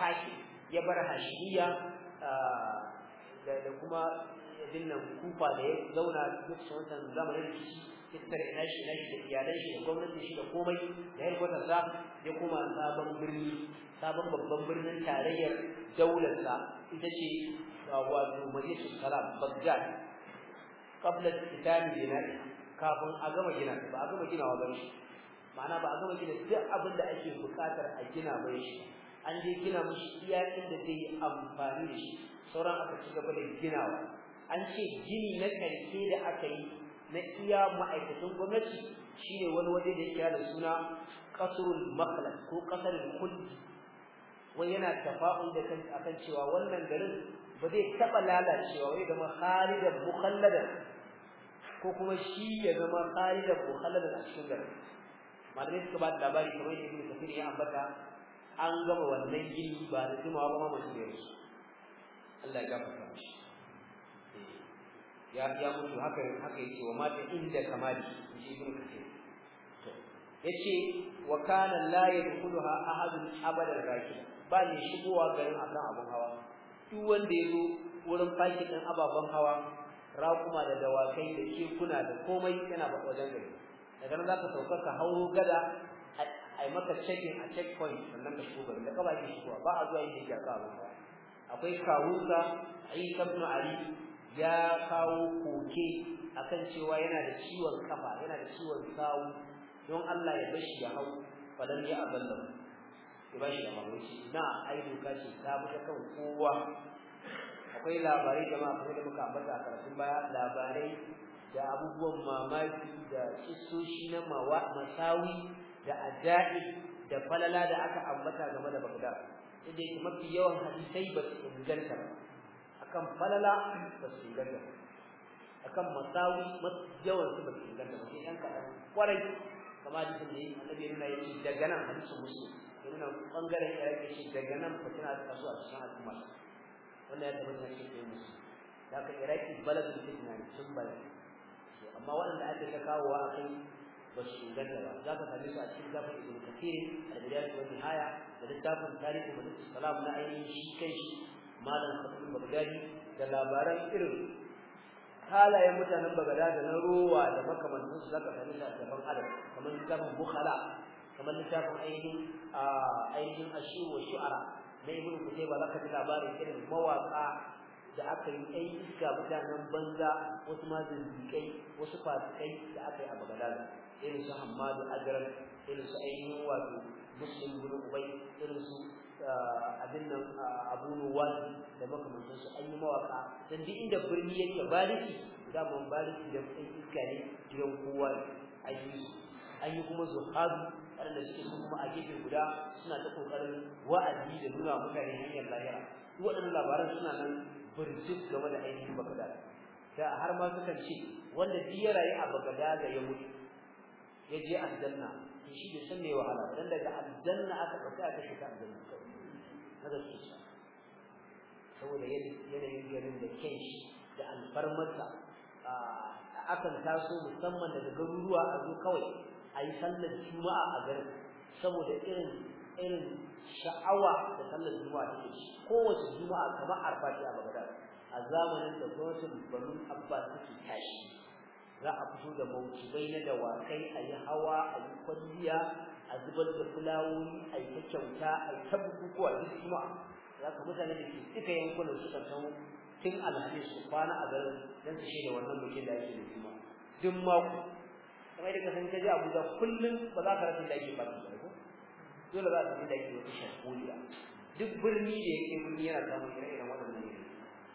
Speaker 1: faki ya bar hashiya da kuma yadin kufa da ya zauna duk wannan zamanin rikici fitar ina shi da iyalan shi da gwamnati shi da komai da yar kwata sa ya koma sabon birni sabon babban birnin tarayyar daular sa ita ce wato majalisar salam bagdad qabla al-kitami bina'i kafin a gama gina ba a gama ginawa ba shi ma'ana ba a gama gina duk abin da ake buƙatar a gina ba shi an je gina mushi iya inda zai yi amfani da shi sauran aka ci gaba da ginawa an ce gini na ƙarshe da aka yi na iya ma'aikatan gwamnati shine wani waje da yake da suna qasrul maqlad ko qasrul kulli wai yana tafa'ul da kan cewa wannan garin ba zai taba lalacewa wai da makhalidan mukhalladan ko kuma shi ya zama ko mukhalladan a cikin gari malamai suka ba da labari kamar yadda ibnu kafir ya ambata an gama wannan gini ba da jimawa ba ma mutum ya yi. Allah ya gafarta mishi eh, ya ya mutu haka haka yake wa mata inda kamali shi ibnu kafir yace wa kana la yadkhuluha ahadun abadan rakiya ba ne shigowa garin akan abun hawa duk wanda yazo wurin fakin ababen hawa raƙuma da dawakai da kekuna da komai yana ba wajen gari daga nan za ka sauka ka hau gada a yi maka cekin a checkpoint sannan ka shigo da ka ke shigowa ba a zuwa yin jirgin ka ba akwai kawunsa Isa ibn Ali ya kawo koke a kan cewa yana da ciwon kafa yana da ciwon sawu don Allah ya bashi ya hau fadan ya aballa ya bashi da na ai doka ce ta bi kan kowa akwai labarai da ma da muka ambata a karatun baya labarai da abubuwan mamaki da kisoshi na masawi da ajaib da falala da aka ambata game da Baghdad inda yake mafi yawan hadisai ba su inganta ba akan falala ba su inganta ba akan masawi mafi yawan su ba su inganta ba sai yan kaɗan kwarai kamar hadisin da yake annabi yana yi daga nan hadisin musu yana ɓangaren ya yake shi daga nan fitina ta kasu a cikin al'umma wannan ya tabbata cikin ke musu da aka iraki baladun fitna ne sun to amma wanda ake ta kawo a kai ba su inganta ba za ka sami su a cikin zafin ibn kafir al riyad wa nihaya da littafin tarihi wa salam na ainihin shi kai shi malam khatib bagdadi da labaran irin halayen mutanen bagada da na rowa da makamantan su zaka sami su a gaban adam kamar littafin bukhala kamar littafin ainihin ah, ainihin ashiru wa shu'ara mun ibn ba za ka ji labarin irin mawaka da aka yi ai iska mutanen banza wasu ma zindiƙai wasu fasikai da aka yi a bagadaza irin su hammadu ajran irin su ainihin wato muslim bin ubai irin su ah, abin nan ah, abu nuwal da makamantan su an yi mawaka. dan duk inda birni yake baliki daman baliki da ɗan iska ne gidan kowa a an yi an yi kuma zuhadu waɗanda suke su kuma a gefe guda suna ta kokarin wa'azi da nuna mutane hanyar lahira duk waɗannan labaran suna nan burjik game da ainihin bagada da har ma sukan ce wanda duk ya rayu a bagada ya mutu ya je aljanna to shi bai san me wahala ba dan daga aljanna aka ɗauka aka shiga aljanna kawai haka su ce saboda yanayin garin da kyan da alfarmarsa ah, akan taso musamman daga garuruwa a zo kawai a yi sallar juma'a a garin saboda irin irin sha'awa da sallar juma'a take shi kowace juma'a kamar arfa ce a Baghdad a zamanin da gwamnatin Banu abba take tashi za a fito da bai na dawakai a yi hawa a yi kwalliya a zubar da fulawoyi a yi ta kyauta a yi ta bukukuwa duk juma'a za ka mutane da ke duka yankunan su san tun alhamis su kwana a garin don su shaida wannan bikin da ake da juma'a duk mako kamar yadda san ta je Abuja kullum ba za ka rasa daki ba dole za ka ji daki wata shakuliya duk birni da yake birni yana samun ire-iren waɗannan ne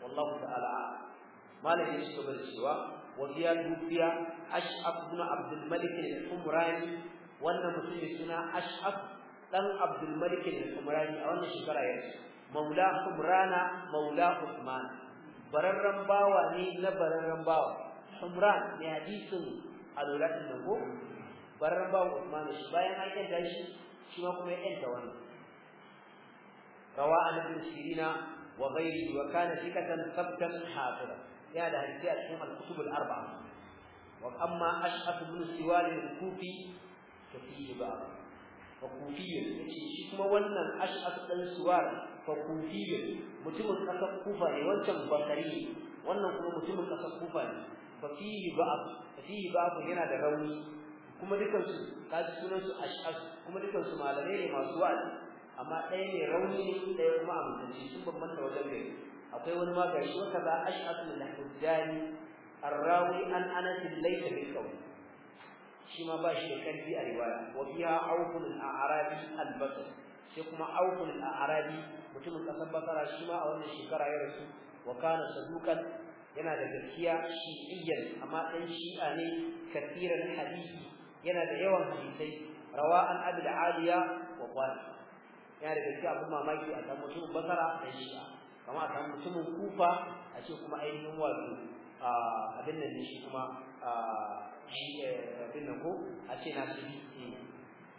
Speaker 1: wallahu ta'ala malami ya shiga da cewa wa biya dubiya ash'ab ibn abdul malik al-umrani wannan mutum ne suna ash'ab dan abdul malik al-umrani a wannan shekara ya maula umrana maula usman bararran bawa ne na bararran bawa umran ne hadisin alulatin da ko barar ba wa Usman shi bayan an yanta shi shi ma kuma ya yanta wani. rawa an ibn sirina wa ghairi wa kana sikatan sabtan hafira ya da hadisi a cikin al-kutub al-arba'a wa amma ash'ab ibn siwal al-kufi fa fihi ba fa kufiyyun yace shi kuma wannan ash'ab dan siwal fa kufiyyun mutumin kasar kufa ne wancan basari wannan kuma mutumin kasar kufa ne fafihi ba'd fafihi ba'd yana da rauni kuma dukan su kaji sunan su ash'ab kuma dukan su malamai ne masu wa'azi amma ɗaya ne rauni ne ɗaya kuma a mutunci sun bambanta wajen gari akwai wani magani gashi wa kaza ash'ab min al-hujjani ar-rawi an anas laysa bil qawl shi ma ba shi da karfi a riwaya wa biha awfun al-arabi al-basri sai kuma awfun al-arabi mutumin kasar basara shi ma a wannan shekara ya rasu wa kana sadukan yana da gaskiya shi'iyyan amma dan shi'a ne kafiran hadisi yana da yawan hadisai rawa an da aliya wa qali yana da gaskiya abun mamaki a samu mutumin basara dan shi'a kama a samu mutumin kufa a ce kuma ainihin wato abin nan ne shi kuma eh, abin nan ko a ce na su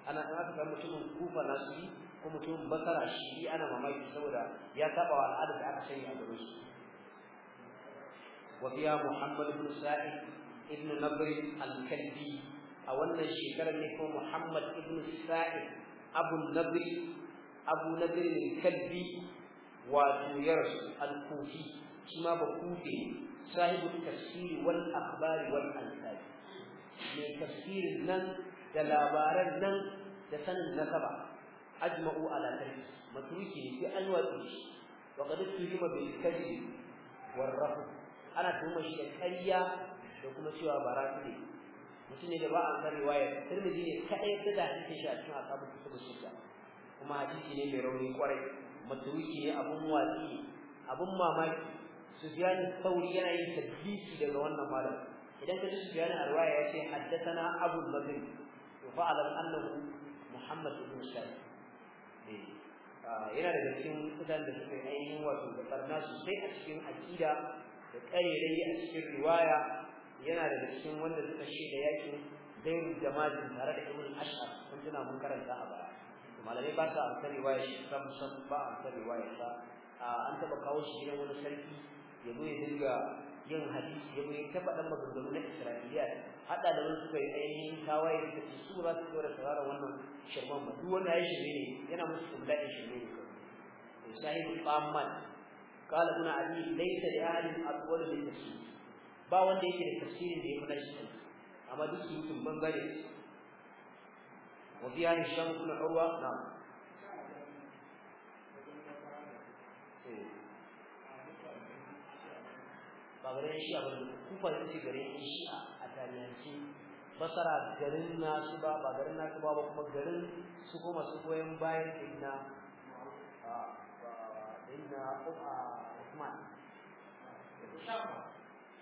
Speaker 1: ana an aka samu mutumin kufa na su ko mutumin basara shi ana mamaki saboda ya taɓa wa al'adar da aka sani a garin su وفيها محمد بن سائد ابن نبر الكلبي أو أن الشيكرة نكو محمد ابن سائد أبو النبر أبو نبر الكلبي وتيرس الكوفي كما بكوفي صاحب التفسير والأخبار والأنساب من تفسير النن دلابار النن دسن النسبة أجمعوا على ذلك متروكي في أنواع وقد استجم بالكذب والرفض ana tuhumar shi da ƙarya da kuma cewa ba su ne mutum ne da ba a san riwaya tirmidhi ne kadai ta da ake shi a cikin asabu kutubu sita kuma hadisi ne mai rauni kwarai matuki ne abun watsi abun mamaki sufyan sauri yana yin tadbisi daga wannan malam idan ka ji sufyan riwaya ya ce haddathana abu bakr to fa'ala annahu muhammad ibn sa'id eh, ah, yana daga cikin kudan da suke ainihin wato da farna sosai a cikin aqida da ƙarerai a cikin riwaya yana da cikin wanda suka shaida yakin zainul jama'in tare da ibn ashar kun tuna mun karanta a baya malamai ba sa amsar riwaya shi sam sam ba amsar riwaya sa an taɓa kawo shi gidan wani sarki ya zo ya dinga yin hadisi ya zo ya taɓa ɗan maganganu na isra'iliya haɗa da wasu suka ainihin tawaye da ce su ba su yi da sarara wannan shirman ba duk wanda ya shirme ne yana musu kumlaɗin shirme ne kawai. Sahibul Ɓamman qala ibn abi laysa li ahadin aqwalu min tafsir ba wanda yake da tafsirin da ya fada shi amma duk su sun bangare wa biya ni shan ibn urwa na ba garin shi a bane kufa ce garin shi a tarihanci basara garin nasu ba ba garin nasu ba ba kuma garin su kuma su goyen bayan ibna inda Usman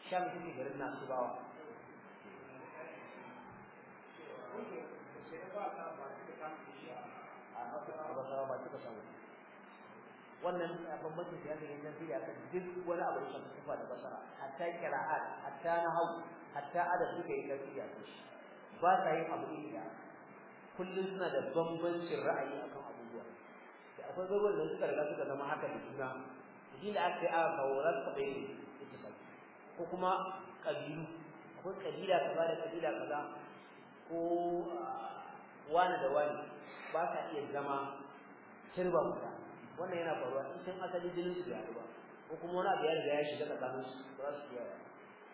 Speaker 1: sham shi garin nasu bawa wannan bambanci da yake yin tafiya ta duk wani abu da shafi kufa da basara hatta qira'at hatta nahwu hatta adab duka yake tafiya shi ba sa yin abu da kullun suna da bambancin ra'ayi akan abubuwa akwai garuruwan da suka riga suka zama haka da juna shi da aka yi aka kawo kaɓe su ko kuma ƙabilu ko ƙabila kaza da ƙabila kaza ko ah, wani da wani ba sa iya zama kirba guda wannan yana faruwa in sun asali jinin su ya ba ko kuma wani abu ya riga ya shiga tsakanin su ba za su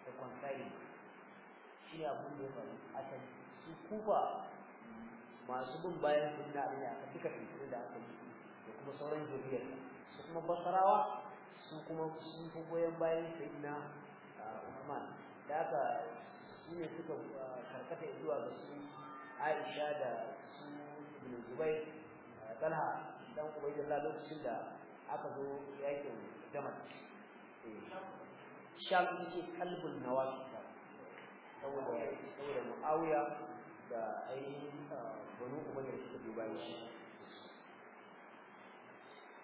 Speaker 1: Da kwantari shi ne abin da ya faru asali su kufa masu bin bayan sunna ne aka suka tafi da aka yi kuma sauran zuriyar su kuma basarawa su kuma sun fi goyon bayan a ah, Usman da aka su ne suka ah, karkata zuwa ga su Aisha da su Ibn Zubair ah, Talha dan Ubaydullah lokacin da aka zo yakin Jamal eh, Sham ce kalbul ta saboda saboda Muawiya da ainihin Banu da suka dubaye shi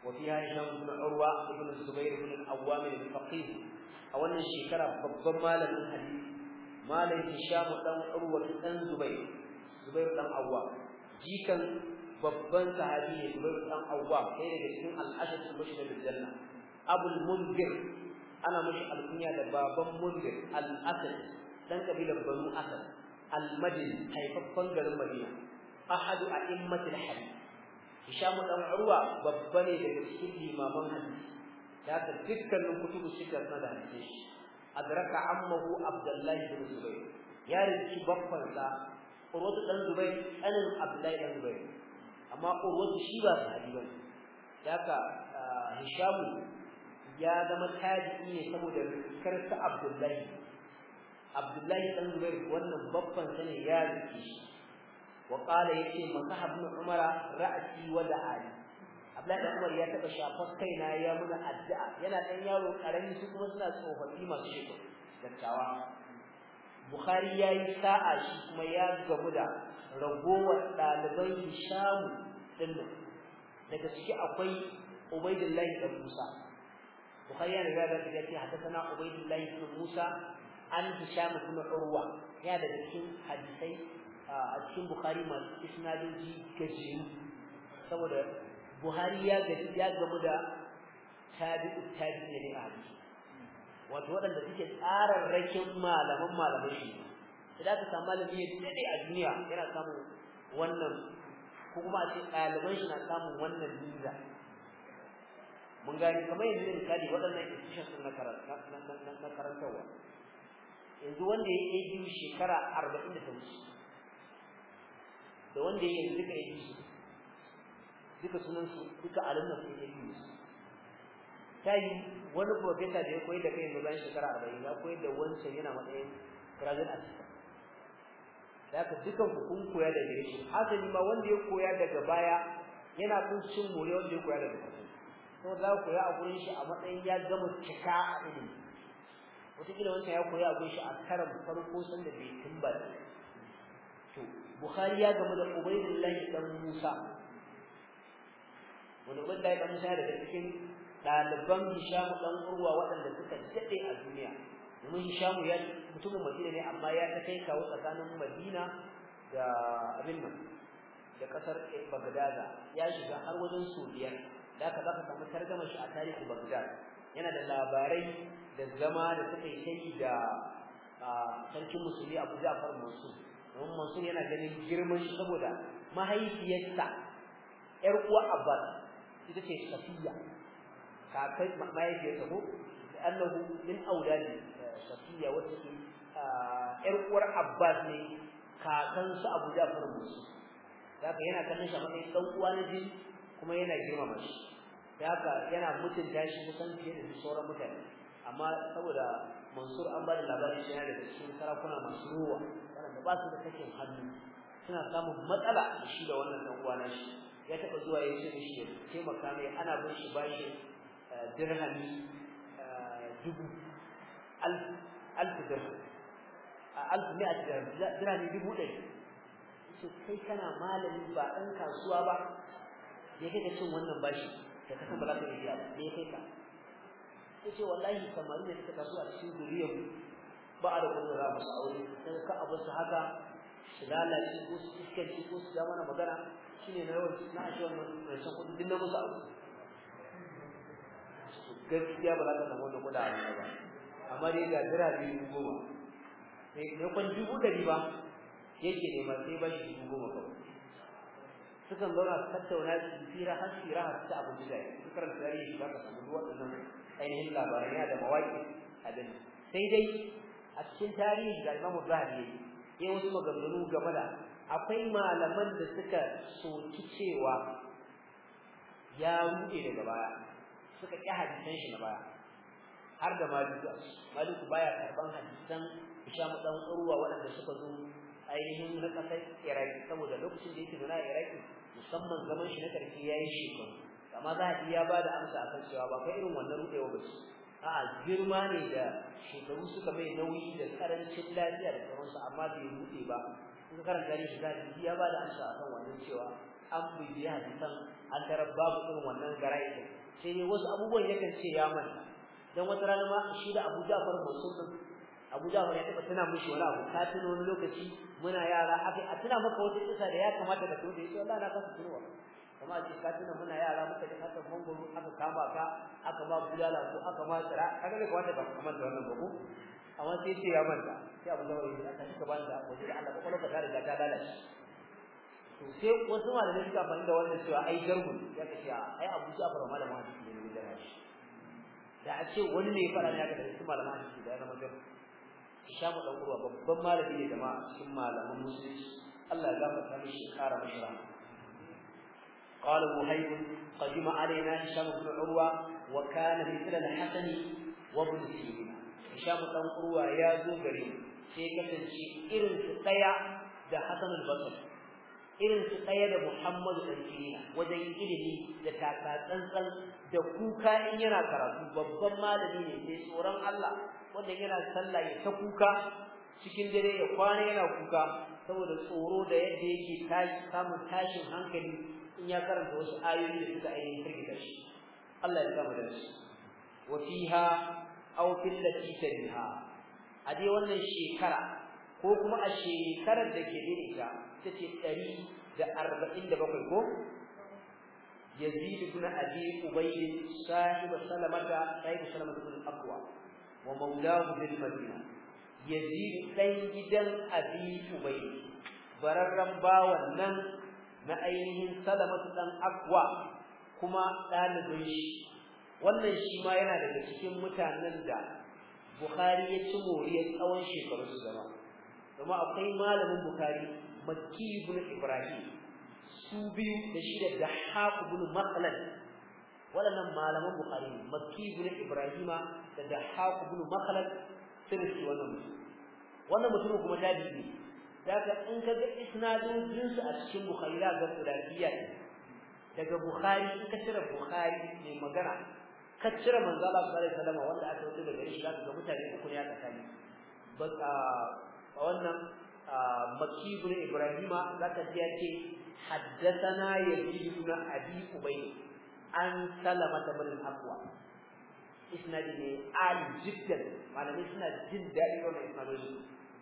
Speaker 1: وفيها هشام بن عروة بن الزبير بن العوام الفقيه أولا الشكرة ببما مالا من حديث مالا هشام بن عروة بن زبير زبير بن عوام جيكا babban sahabi ne Zubair dan Awwam ɗaya daga cikin al-ashar al-bashir bil janna Abul Munzir ana mashi alkunya da baban Munzir al-Asad dan kabilar Banu Asad al haifaffen garin Madina ahadu a'immatul hadith Hisham dan Urwa babba ne daga cikin limaman hadisi da ta dukkanin kutubu sita na da hadisi adraka ammahu Abdullahi bin Zubair ya rinci babban sa Urwa dan Zubair anan Abdullahi dan Zubair amma Urwa shi ba sahabi bane haka ah, Hisham ya zama tabi'i ne saboda karsa Abdullahi Abdullahi dan Zubair wannan babban sa ne ya rinci shi wa qala yace masu ibn umara ra'si wa da'ani Abdullahi da Umar ya taba shafar kaina ya muna addu'a yana dan yaro karami su kuma suna tsofaffi masu shekaru dattawa Bukhari yayi sa'a shi kuma ya gamu da ragowar ɗaliban Hisham din nan daga ciki akwai Ubaidullahi ibn Musa Bukhari yana da da ce hadathana Ubaidullahi ibn Musa an Hisham ibn Urwa ya da cikin hadisai a cikin bukhari masu isnadoji gaji saboda buhari ya gaji ya gamu da tabi'u tabi'i ne a hadisi wato waɗanda suke tsararrakin malaman malaman shi idan aka samu malami ya daɗe a duniya yana samun wannan ko kuma a ce ɗaliban shi na samun wannan niza mun gani kamar yanzu ne misali waɗannan institution sun na karantarwa yanzu wanda ya yi shekara arba'in da ta wuce da wanda ya yanzu duka yi su duka sunan su duka alumma su ya yi su ta yi wani profesa da ya koyi da kai yanzu bayan shekara arba'in ya koyi da wancan yana matsayin graduate assistant da ka dukan ku kun koya da gare shi hasali ma wanda ya koya daga baya yana kun cin more wanda ya koya daga baya kuma za ku koya a gurin shi a matsayin ya gama cika a ilimi wataƙila wancan ya koya a gurin shi a karan farko sanda bai tumba to bukhari ya gamu da ubaydullah dan musa wanda ubaydullah dan musa daga cikin ɗaliban hisham dan urwa waɗanda suka dade a duniya mun hisham ya mutumin madina ne amma ya ta kai kawo tsakanin madina da abin nan da kasar bagdada ya shiga har wajen sudiya da ka zaka samu tarjuma shi a tarihi bagdad yana da labarai da zama da suka yi da ah, sarkin musulmi abu ja'far mansur don Mansur yana ganin girman shi saboda mahaifiyarsa ƴar uwa Abbas ita ce Safiya kakai mahaifiyarsa ko annahu min awladi eh, Safiya wata ce ƴar ah, uwar Abbas ne su Abu Ja'far musu zaka yana kallon shi a matsayin dan uwa na jini kuma yana girmama shi haka yana mutunta shi kusan fiye da sauran mutane amma saboda Mansur an ba da labarin shi yana da cikin sarakuna masu ruwa ba su da sakin hannu suna samun matsala da shi da wannan dan uwa shi ya taba zuwa ya ce shi ya taimaka mai ana bin shi bashi eh, dirhami eh, dubu alf dirham alf mi'at dirham dirhami dubu ɗari ce kai kana malami ba ɗan kasuwa ba ya kai ka cin wannan bashi da ka san ba za ka iya ba ya kai ka ya ce wallahi samari ne ta kasuwa a cikin zuriyar ba a da kudin za mu aure dan ka abu su haka su lalace ko su shi, ko su zama na magana shine na yawan na ashe wannan rashin kudin din na musu aure gaskiya ba za ka samu wannan kudin aure ba amma dai ga dira biyu goma sai ne kun dubu dari ba yake ne ma sai ba shi dubu goma kawai sukan zauna su tattauna su fira har shi fira har su abinci da su karanta tarihi za ka samu duk waɗannan ainihin labarai da mawaƙi dani sai dai a cikin tarihi ga Imam Bukhari yayi wasu maganganu game da akwai malaman da suka soki cewa ya ruɗe daga baya suka ƙi hadisan shi na baya har da malika maliku baya karban hadisan Hisham dan Urwa waɗanda suka zo ainihin na ƙasar Iraki saboda lokacin da yake zuna a Iraki musamman zaman shi na ƙarfi yi shekaru amma za a iya ba da amsa akan cewa ba kai irin wannan ruɗewa ba su a girma ne da shekaru suka mai nauyi da karancin lafiya da sauransu amma bai buɗe ba in karanta ne shiga jiki ya ba da amsa akan wannan cewa an bibiyi hadisan an tarar babu irin wannan garai ɗin sai dai wasu abubuwan yakan ce ya manta dan wata rana ma shi da Abu Ja'far Mansur din Abu Ja'far ya taɓa tana mishi wani abu ka tuno wani lokaci muna yara aka a tuna maka wata kisa da ya kamata ka tuno da ita wallahi na kasa tunowa kuma a cikin katuna muna yara muka ji hakan mangoro aka kama ka aka ba bulala ko aka ma tsara kaga ne wanda ba kamar da wannan ba ko amma sai ce ya manta sai abu da wani aka cika ban da ko sai Allah kwakwalwa ta riga ta lalace to sai wasu malamai suka fahimta da wannan cewa ai garbu ya kace ai abu shi afara malamin shi ne da shi da a ce wani ne ya fara ya ga su malama shi da ya zama garbu Hisham dan Urwa babban malami ne da ma cikin malaman musulunci Allah ya gafarta mishi kara mishi rahama قال وهيب قدم علينا هشام بن عروة وكان مثل الحسن وابن سيرين هشام بن عروة يا ذو غريب sai kasance irin su daya da Hassan al-Basri irin su daya da Muhammadu dan wajen ilimi da takatsantsan da kuka in yana karatu babban malami ne sai tsoron Allah wanda yana sallah ya ta kuka cikin dare ya kwana yana kuka saboda tsoro da yadda yake samun tashin hankali in ya karanta wasu ayoyi da suka ainihin turki shi Allah ya gama da su wa fiha aw fil latisaha a dai wannan shekara ko kuma a shekarar da ke da ita ta ce bakwai ko yazid ibn abi ubayd sahib salamata sahib salamata ibn aqwa wa mawlahu bil madina yazid ɗan gidan abi ubayd Bararren ba wannan. na ainihin salamatu dan akwa kuma ɗalibin shi wannan shi ma yana daga cikin mutanen da bukhari ya ci moriyar tsawon shekaru su zama kuma akwai malamin bukhari makki ibn ibrahim su biyu da shi da dahaq ibn maklan waɗannan Malamin bukhari makki ibn Ibrahim, da dahaq ibn maklan sun ci wannan mutum wannan mutum kuma tabi'i ne daga in ka ga isnadin jinsu a cikin bukhari da ga kudabiya ne daga bukhari in ka cire bukhari mai magana ka cire manzo Allah sallallahu alaihi wasallam wanda aka wuce daga shi zaka ga mutane uku ne a tsakani ba a wannan makki ibn ibrahima zaka ji yake haddathana yazid ibn abi ubay an salama ibn al-aqwa isnadi ne al jiddan malamai suna jin daɗi wannan isnadoji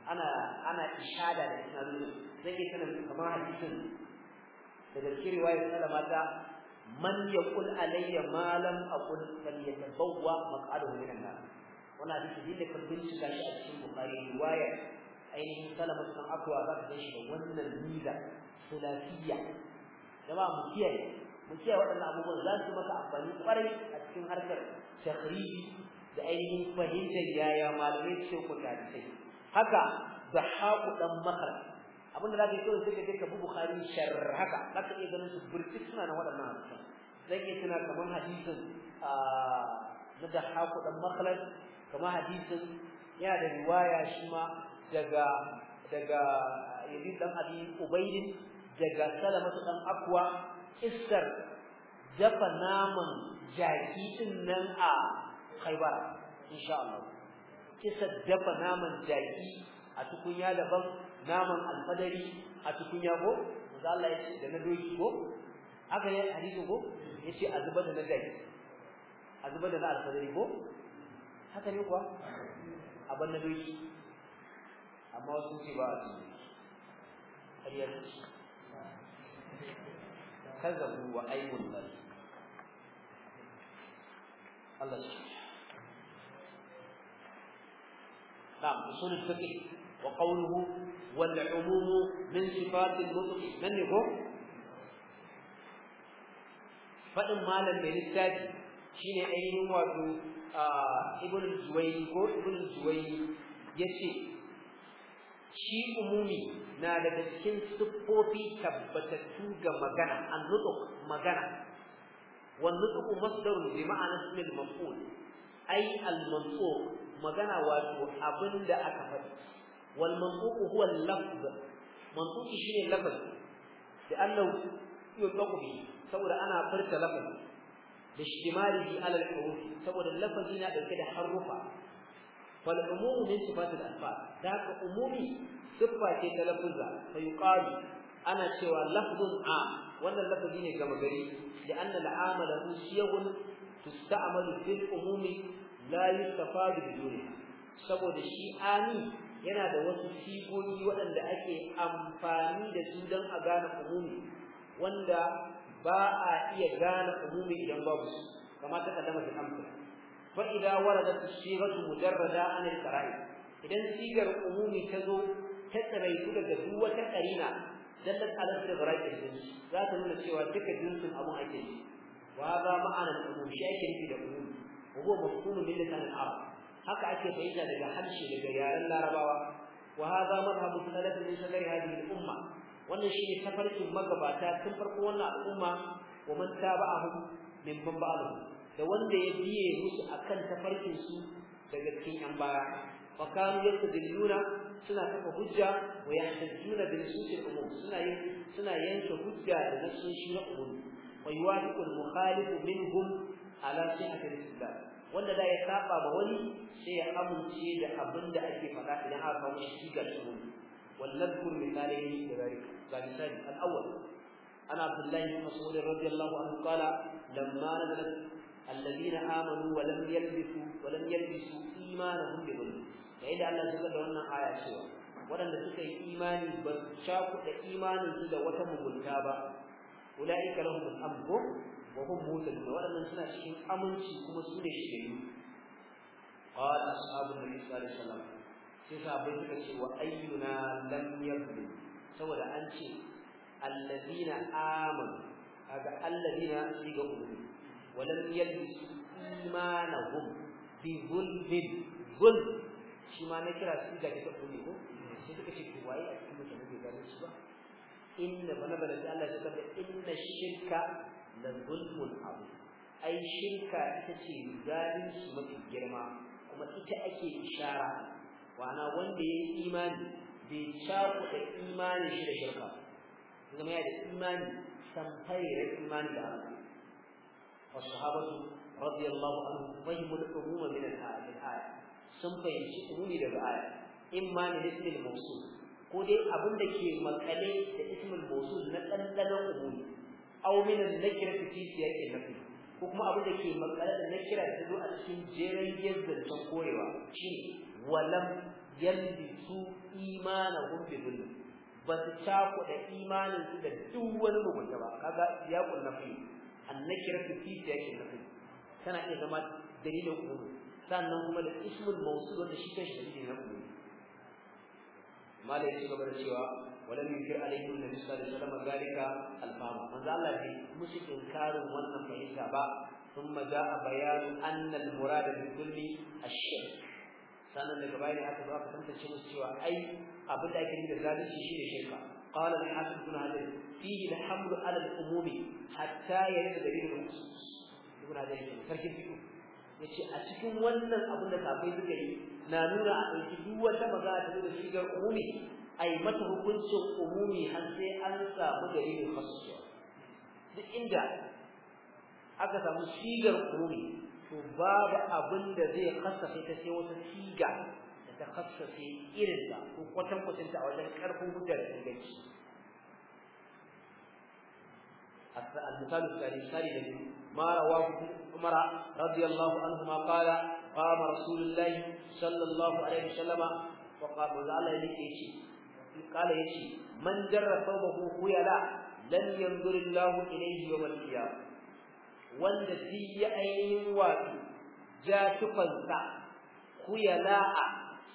Speaker 1: ana ana ishada da isnadin zai yi sanin kamar hadisin daga cikin riwayar salama ta man yaqul alayya ma lam aqul falyatabawwa maq'adahu min an-nar wannan hadisi da kan bincika shi a cikin bukhari riwaya ainihin salama sun akwa za ka shi da wannan niza sulafiyya jama'a mu kiyaye mu kiyaye waɗannan abubuwan za su maka amfani kwarai a cikin harkar tahriji da ainihin fahimtar yaya malamai ku hukunta hadisai haka Zahaku dan Makar abinda zaka so kawai sai ka ka bi Bukhari shar haka zaka iya ganin su burti suna nan waɗannan hadisan zai iya tuna kamar hadisin ah, na Zahaku dan Makar kamar hadisin yana da riwaya shi ma daga daga Yazid dan Abi Ubayd daga Salama dan Akwa Isar dafa naman jaki din nan a Khaibar insha Allah Kisa dafa naman jaki a tukunya daban naman alfadari a tukunya ko manzo Allah ya ce da na doki ko aka yi hadisi ko ya ce a zuba da na jaki a zuba da na alfadari ko haka ne kuwa a ban na doki amma wasu ce ba a cikin ƙaryar kazabu wa aibun nas Allah shi نعم اصول الفقه وقوله والعموم من صفات المطلق من يقول فإن مالا من التاج شين عينه وابن ابن الزويني ko ibn الزويني yace shi umumi na daga cikin siffofi tabbatattu ga magana an nutuk magana wan masdarun bi ma'ana ismil maf'ul ay al mansub magana wato abin da aka faɗi wal manququ huwa al-lafz manquqi shine lafz da annahu yutlaqu bi saboda ana furta lafz da shimalihi ala al-huruf saboda lafazi yana dauke da harufa fal umumu min sifat al-alfaz da ka umumi sifa ce ta lafza fa yuqalu ana cewa lafzun a wannan lafazi ne gama gari da annal amala siyagun tusta'malu fil umumi la yustafa bi dole saboda shi amin yana da wasu sigogi waɗanda ake amfani da su don a gane umumi wanda ba a iya gane umumi idan babu su kamar ta kaddama ta amsa fa idza waradat as-sighatu mujarrada an al-qara'i idan sigar umumi ta zo ta tsaraitu daga duk wata karina dallat da al-qara'i za ta nuna cewa duka jinsin abun ake yi wa ba ma'ana al-umumi shi ake nufi da umumi وهو مفهوم للسان العرب haka ake fahimta daga harshe daga yaren larabawa Waha zamar madhhabu salaf min salaf hadhihi al-umma wannan shine tafarkin magabata tun farko wannan al'umma wa man tabi'ahum min ba'dhum da wanda ya biye musu akan tafarkin su daga cikin yan baya fa kanu yastadilluna suna kafa hujja wa yahtajuna bil nusus suna yin suna yanke hujja da nasoshi na umum wa yuwafiqu al-mukhalif minhum ala sihhatil islam wanda da ya saba ba wani sai ya amince da abin da ake faɗa idan aka kawo shi ga shi ولنذكر مثالين كذلك كمثال الأول na عبد الله بن مسعود رضي الله عنه قال لما نزلت الذين آمنوا ولم يلبسوا ولم يلبسوا إيمانهم بظلم فإذا الله سبحانه وتعالى آية سوى waɗanda suka yi imani ba su shakuɗa imaninsu da wata mugunta ba ula'ika lahum al-amru wa hum mutadun waɗannan suna cikin aminci kuma su ne shirayu qala ashabu nabi sallallahu alaihi wasallam sai sahabbai suka ce wa ayyuna lam yablu saboda an ce alladina amanu kaga alladina siga ummi wa lam yalbisu imanahum bi zulmin zulm shi ma na kira siga ta ummi ko sai suka ce to waye a cikin mutane bai gane shi ba inna bana bana sai Allah ya kada inna shirka la zulmul abu ai shirka ita ce su mafi girma kuma ita ake ishara wana wanda ya yi imani bai da imanin shi da shirka zama ya da imani samfayar imani da haka wasu sahabatu radiyallahu anhu da umuma min al-aya sun fahimci umumi daga aya imani da ismil mawsul ko dai abin da ke makale da ismin mawsul na dandanon umumi aw min an-nakirati fi siyaqi an-nafi ko kuma abin da ke makare da nakira da zo a cikin jeren yanzan ta korewa shine walam yalbisu hum bi dhulm ba su da imanin su da duk wani mugunta ba kaga siyaqun nafi an nakira fi siyaqi an-nafi tana iya zama dalilin umum sannan kuma da ismul mawsul wanda shi kanshi ne na umum malai ya ci gaba da cewa ولم يشر عليكم النبي صلى الله عليه وسلم ذلك الفهم من ذا الله في مشك وانا فهيسا با ثم جاء بيان أن المراد بالكل الشرك sannan daga bayan aka zo aka tantance musu cewa ai abin da ake nufi da zalunci shine shirka qala al-hafiz ibn hajar fihi al-hamlu ala al-umumi hatta da yace a cikin wannan abin da kafin suka yi na nuna a ɗauki duk wata magana ta zo da shigar umumi Ai yi mata hukuncin umumi har sai an samu dalilin fasuwa duk inda aka samu sigar umumi to babu abin da zai kasafe ta sai wata siga da ta kasafe irin ta ko kwatan kwatan ta a wajen karfin hujjar da gaci المثال الثاني الثالث ما رواه عمر رضي الله عنهما قال قام رسول الله صلى الله عليه وسلم وقال وزعل يديك قال يشي من جر ثوبه خيلا لن ينظر الله إليه يوم القيامة wanda shi ya ainihin wato ja tufansa kuyala'a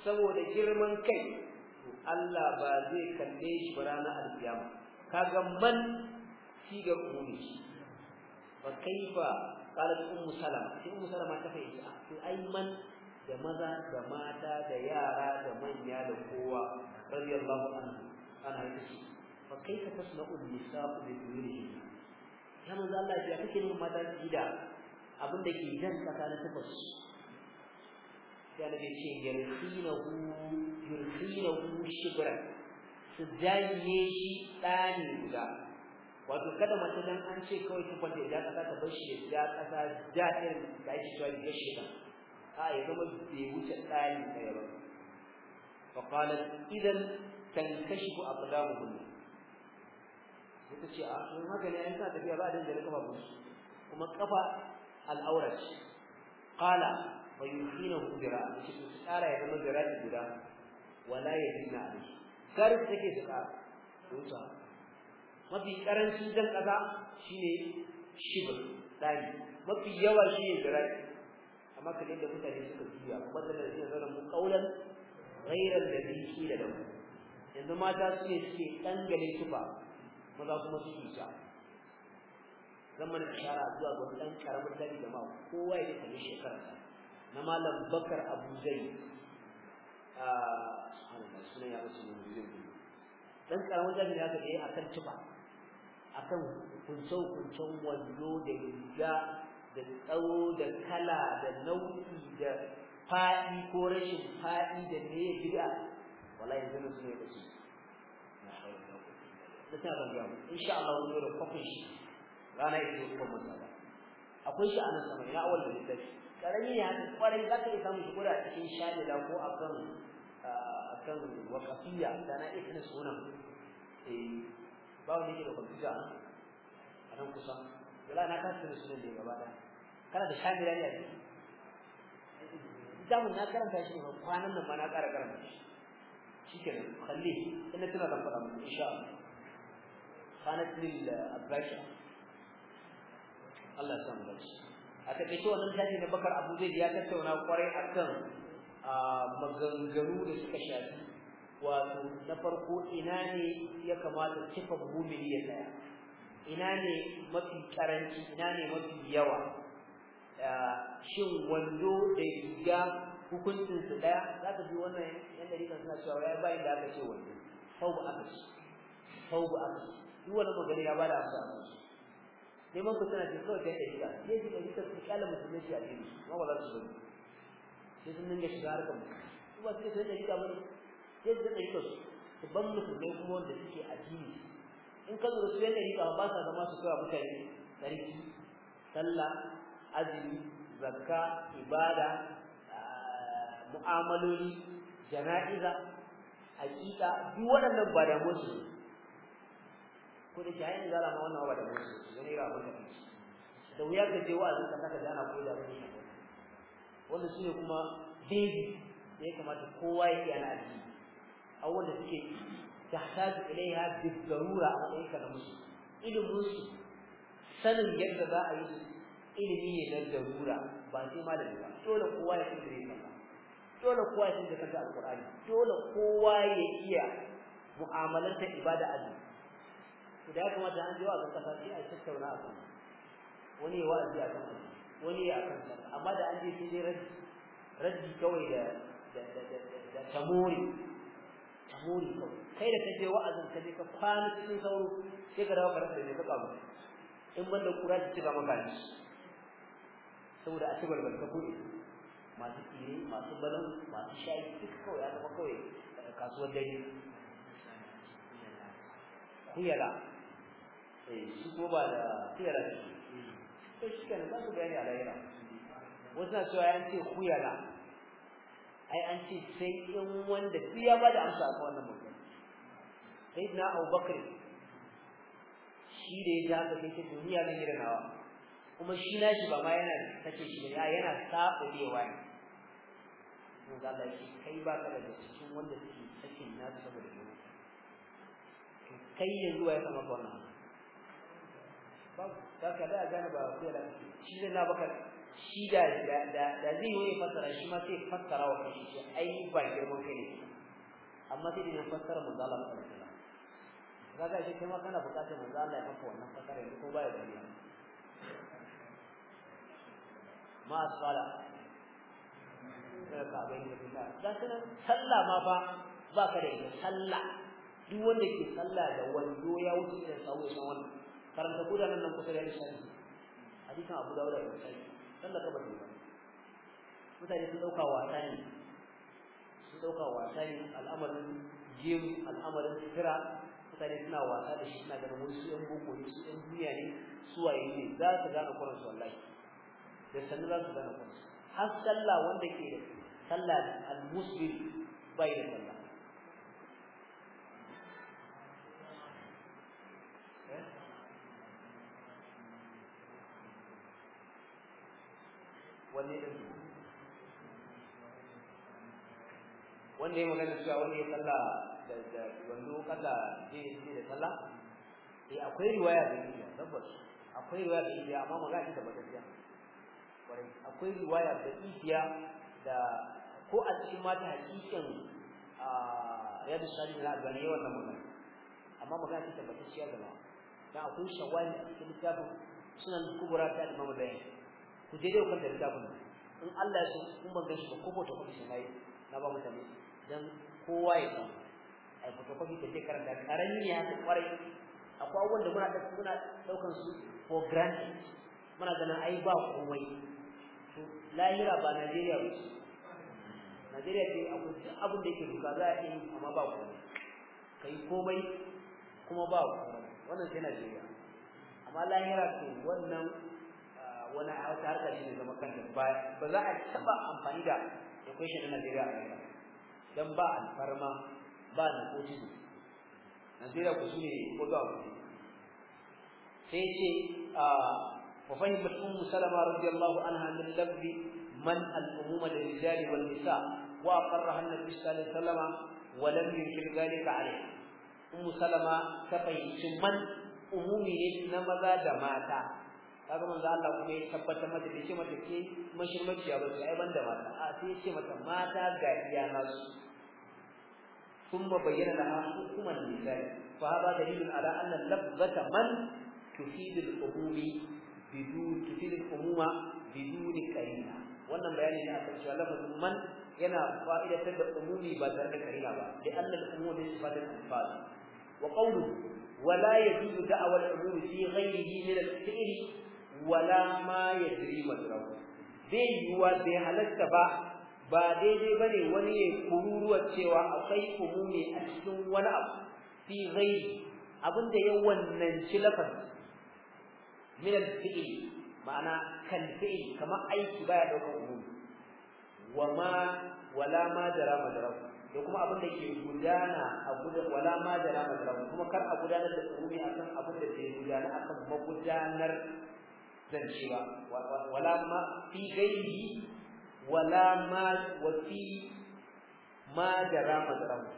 Speaker 1: saboda girman kai to Allah ba zai kalle shi ba ranar alkiyama kaga man shi ga kuma shi fa kaifa qalat ummu salama sai ummu salama ta fahimta to ai man da maza da mata da yara da manya da kowa radiyallahu anhu ana yi shi fa kaifa tasna'u an-nisa'u bi dunyihi ya manzo Allah ya kake nuna mata gida abin da ke jan tsakanin na tafas ya nabi ce yarkhinahu yarkhinahu shibran su janye shi ɗani guda wato kada mace dan an ce kawai da idan kasa ta bar shi da kasa da irin da ake cewa da shi a ya zama bai wuce tsari ɗaya ba fa qalat idan tankashifu aqdamuhum suka ce a in haka ne an sa tafiya ba dan da kafa ba kuma kafa al'aurat qala wa yukhinahu bira shi su tsara ya zama bira guda wala yadina alayhi kar take su ƙara wuta mafi karancin shine shibr tsari mafi yawa shine amma kaje da mutane suka juya kuma da yake zana mu kaulan ghayra alladhi da lahu yanzu mata su ne suke su tufa maza kuma su cuta zan mana shara zuwa ga dan karamin dani da ma kowa ya kalli shekara na malam bakar abu zai a ah, wannan sunan ya rasu ne dan karamin dani da aka yi akan tufa akan kuncau kuncau wando da riga da tsawo da kala da nau'i da fa'i ko rashin fa'i da yanzu bid'a wallahi zan so ya kace da ta ban In insha Allah wani da kofin shi rana ita ko kuma masala akwai shi a nan sama ina awal da littafi karami ya haka kwarai za ka iya samun shi kura cikin cikin da ko akan akan waqafiyya da na ikin sunan eh ba wani da kwamfuta a nan kusa wala na kasu da sunan da ya gabata kana da shamila ne a jiki na karanta shi ba kwanan nan ma na ƙara karanta shi shikenan kalli ina tuna da faɗa muku insha Allah kanat lil abrasha Allah ya samu dace a takaice wannan tashi na Bakar Abu Zaid ya tattauna kwarai akan maganganu da suka shafi wato na farko ina ne ya kamata kifa mumini ya ina ne mafi karanci ina ne mafi yawa shin wando da riga hukuncin su daya za ka ji wannan yan kan suna cewa ya bayan da aka ce wando tauba aka ce tauba aka ce duk wani magana ya bada amsa a kansu neman ku suna ce kawai kai dariƙa sai ji dariƙa su kyala musulmi shi a jini ma ba za su bari sai sun dinga shiga harkar mu su ba su ne sai dariƙa ba ne sai su dariƙa su ban musulmai kuma wanda suke a jini in ka lura su yan dariƙa ba sa zama su kawo mutane sarki sallah azumi zakka ibada mu'amaloli jana'iza hakika, duk waɗannan ba da musu ko da shi hanyar zara ma wannan ba da musu zai yi abin da kai? da wuya ka je wa'azin ka saka jana ko da wani wanda ne kuma daidai da ya kamata kowa ya yi yana addini abubuwan da suke tahtaju ilaiha bidarura a matsayinka na musu sanin yadda za yi su ilimi ne na darura ba sai malami ba dole kowa ya san da ba dole kowa ya san da kanta alqur'ani dole kowa ya iya mu'amalantar ibada azumi to da ya kamata an je wa kasa sai a tattauna a kan wani ya wa'azi a kan wani ya kan amma da an je sai dai raddi raddi kawai da da muri ko kai da kaje wa'azin kaje ka kwana cikin sauro sai ka dawo ka rasa ne ka kawo in banda kura ta cika maka ne saboda a cibar barka kuɗi masu tsire masu balon masu shayi duk kawai ya zama kawai eh, kasuwar dare kuyala eh su ko ba da kuyala ne sai shi kenan ba su bayani a lahira wasu na cewa yan ce kuyala ai an ce sai in wanda su ya bada amsa a wannan magana na abubakar shi da ya ja ka sai ce duniya zan yi da kuma shi na shi ba ma yana sake shi ya yana yawa ne mun ga Allah shi kai ba ka daga cikin wanda suke sakin nasu saboda yawa to kai yanzu ya kama ba wannan ba ka da gane ba ku da shi ne na Bakar. shi da da zai yi fassara shi ma sai fassara wa kashi shi ai ba girman kai ne amma sai dai fassara manzo Allah sallallahu alaihi ga ga shi kai ma kana buƙatar manzo Allah ya maka wannan fassara ne ko ba ya gari ma sala ka ga inda kika sallah ma ba ba ka da ita sallah duk wanda ke sallah da wando ya wuce da sauye ya wannan karanta gudanar nan kusa da shi hadisin Abu dawuda da Bukhari sallar kabari ba mutane su dauka wasa ne sun dauka wasa ne al'amarin game al'amarin fitira mutane suna wasa da shi suna ganin wasu yan boko ne su yan duniya ne su waye ne za su gane kuran su wallahi da sannan za su gane kuran su har sallah wanda ke sallah al-muslim bai da sallah wanne din wanda ya magana cewa wanda ya salla da da wando kada zai yi da salla eh akwai riwaya da iya tabbas akwai riwaya da iya amma magana da gaskiya kwarai akwai riwaya da iya da ko a cikin mata hakikin a yadda shari'a na yawan wannan magana amma magana ta da gaba dan akwai shawali a cikin littafin sunan kubura ta Imam Bayhaqi ku je dai ku da littafin in Allah ya so kun ban gashi ba ko ta kuma shi mai na ba mutane dan kowa ya san ai ku ko kike karanta karami ya ta kwarai akwai abubuwan da muna muna daukan su for granted muna ganin ai ba komai to lahira ba Najeriya ba Najeriya ce akwai duk abin da yake duka za a yi amma ba komai kai komai kuma ba komai wannan sai Najeriya amma lahira ce wannan wani wata harka ce mai zama kanta ba ba za a taba amfani da equation na Najeriya a ba dan ba alfarma ba na koji Najeriya ku sune ko da ku sai ce a wa fahimat ummu salama radiyallahu anha min labbi man al-umuma lil wal-nisa wa aqarraha an-nabi sallallahu alaihi wasallam wa lam yunkir dhalika alayhi ummu salama ta fahimci man umumi ne na maza da mata kaga manzo Allah kuma ya tabbatar mata da ce mata ke A ba sai banda mata a sai ya mata mata ga iya nasu thumma bayyana laha hukuman nisa'i fa hada dalilun ala anna labbata man tufid al-umumi bidun tufid al-umuma bidun qarina wannan bayani ne a cewa lafazin man yana fa'idatar da umumi ba tare da qarina ba da anna al-umum da sifatul anfas wa qawluhu ولا يجوز دعوى العموم في غيره من الفعل wala ma ya yajri Zai yi yiwuwa bai halatta ba ba daidai bane wani ya kururuwa cewa akwai umumi a cikin wani abu fi abin da ya wannan ci lafazi min al-fi'l ma'ana kan fi'l kamar aiki baya daukar umumi ma wala ma jara majrahu da kuma abin da ke gudana a guda wala ma jara majrahu kuma kar a gudanar da umumi akan abin da ke gudana akan magudanar zan ce ba wala ma fi gairi wala ma wa fi ma da rama da rama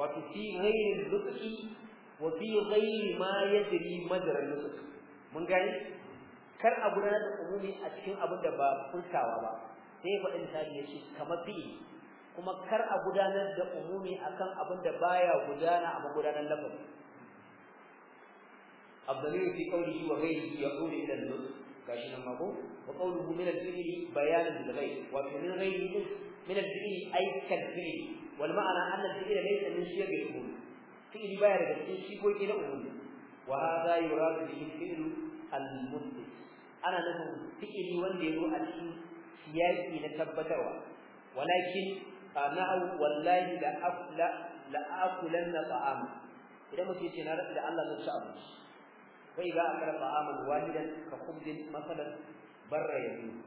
Speaker 1: wato fi ghairi lutsi wa fi gairi ma yadri madara lutsi mun gani kar a gudanar da umumi a cikin abin da ba furtawa ba sai fa in tari yace kamar fi kuma kar a gudanar da umumi akan abin da baya gudana a magudanar lafazi الضمير في قوله وغيره يعود الى النطق كاشنا ما هو وقوله من الفعل بيان للغير ومن غيره من الفعل اي كالفعل والمعنى ان الفعل ليس من شيء الامور فعل بارد في شيء الى امور وهذا يراد به الفعل المثبت انا نفهم فعلي وندي هو سياقي لتبتروا ولكن قنعوا والله لأفلأ لأكلن طعاما idan mutum ce na rabu da Allah zai ci abinci فإذا أكل طعاما واحدا كخبز مثلا بر يمين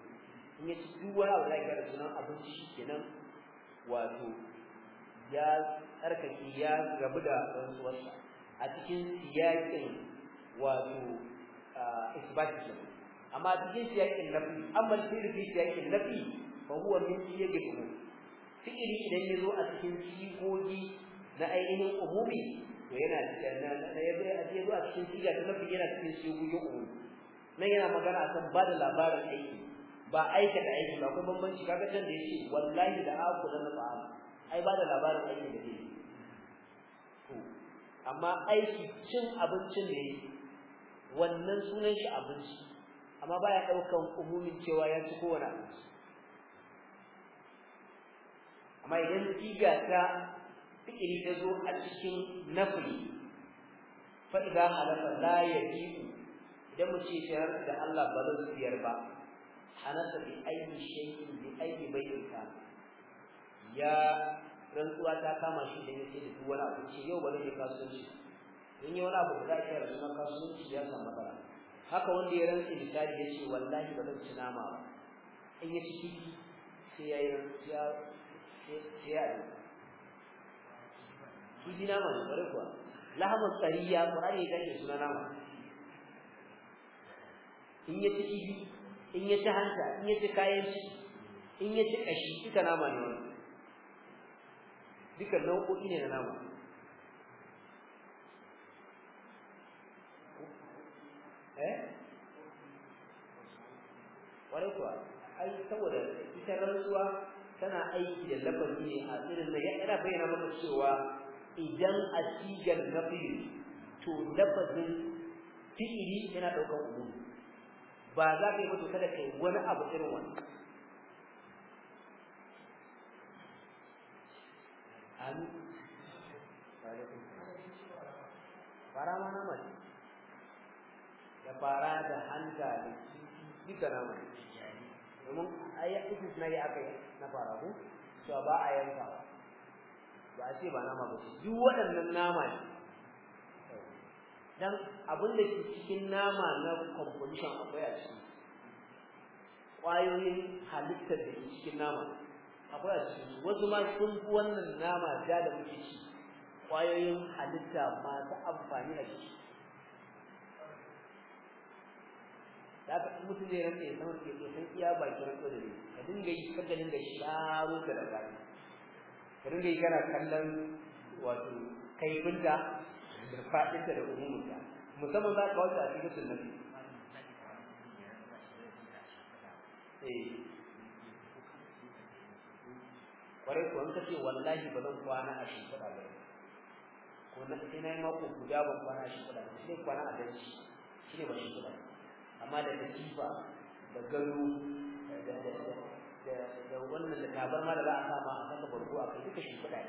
Speaker 1: in ya ci in wani abu da ya sunan abinci shi kenan wato ya tsarkake ya rabu da rantsuwarsa a cikin siyakin wato isbati amma a cikin siyakin nafi amma cikin rufin siyakin nafi ba huwa min siyaqi fi'ili idan ya zo a cikin sigogi na ainihin umumi to yana na ya bai a zuwa cikin siga ta mafi yana cikin shigugu uku nan yana magana akan ba da labarin aiki ba da aiki ba kuma bambanci kaga can da yake wallahi da aku da nafa'am ai ba da labarin aiki da yake to amma aiki cin abincin da yake wannan sunan shi abinci amma baya daukan umumin cewa ya ci kowane abinci amma idan siga ta fikiri ya zo a cikin nafli fa za halafa la yajibu idan mu ce sayar da Allah ba zan siyar ba hanasa bi ayi shekin bi ayi bai'in ka ya rantsuwa ta kama shi da yake da duk wani abu ce yau ba zan kasuwanci in yi wani abu da zai rasu na kasuwanci ya samu matsala haka wanda ya rantsi tari ya ce wallahi ba zan ci nama ba in yi ci sai ya yi rantsuwa sai ya kifi nama ne bare kuwa lahamu tsariya ne ya gane suna nama in ya ci kifi in ya ci hanta in ya ci kayan ci in ya ci kashi duka nama ne Dukkan nau'o'i ne na nama eh ware kuwa ai saboda ita rantsuwa tana aiki da lafazi ne a tsirin da yana bayyana maka cewa idan a sigar nafi to lafazin fi'ili yana daukar umum ba za ka yi mutu kada kai wani abu irin wannan amin fara ma nama ne da fara da hanta da duka nama domin ayyukan suna yi aka yi na fara ko to ba a yanka ba a ce ba nama ba duk waɗannan nama ne dan abin da ke cikin nama na composition akwai a ciki ƙwayoyin halittar da ke cikin nama akwai a ciki wasu ma sun fi wannan nama ja da muke ci ƙwayoyin halitta masu amfani a ciki da ka mutum zai rantsa ya san ya san iya bakin rantsa da ne ka dinga yi ka dinga sharo da ragani ka dinga kana kallon wato kai bunda da faɗinta da umumunta musamman za ka wata a cikin sunnati eh. kwarai kuwa ka ce wallahi ba zan kwana a shimfiɗa ba ko na ce na yi mako guda ban kwana a shimfiɗa ba sai kwana a danci shi ne ba shimfiɗa amma da katifa da gado da da da wannan da tabarma da za a sama a saka barko a kai duka shi kuɗa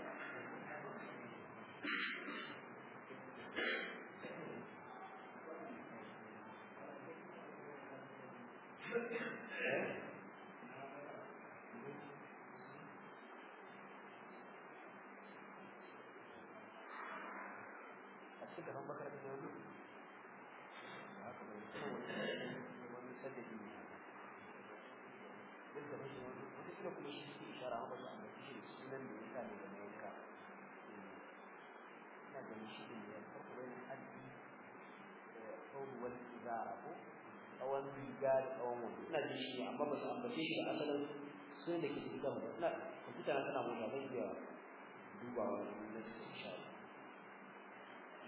Speaker 1: a cikin gaban wata kuma shi ke amma shi sunan da ya sa ne da mayanka ina ganin shi ne ya farko wani addi tsawon wani izara ko tsawon riga amma ba su shi da ke ina iya dubawa ce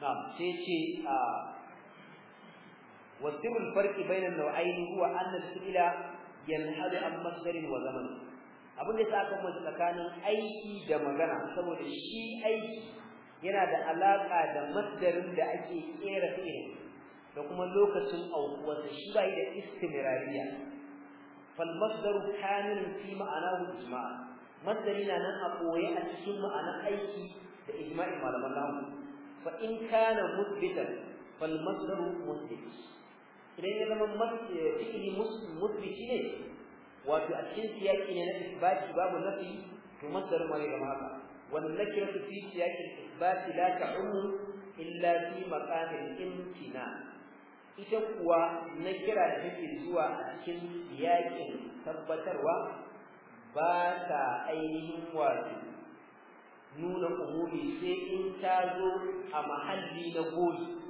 Speaker 1: a ah, wasirul farqi bainal nau'ayn huwa anna al-ila yanhadu an masdarin wa zaman abin da yasa aka tsakanin aiki da magana saboda shi aiki yana da alaƙa da masdarin da ake kera fi'il da kuma lokacin aukuwarsa shi bai da istimrariya fal masdaru kamilun fi ma'anahu ijma' masdari na nan a koye a cikin ma'anar aiki da ijma'in malaman nahu fa in kana mudbitan fal masdaru mudbit idan ya zama eh, fi'ili musbici ne wato a cikin siyaki ne na isbati babu nafi to masdar mai da zama haka wal su fi siyaki isbati la umu illa fi maqamil imtina ita kuwa nakira da take zuwa a cikin siyakin tabbatarwa ba ta ainihin wato nuna umumi sai in ta zo a mahalli na goyi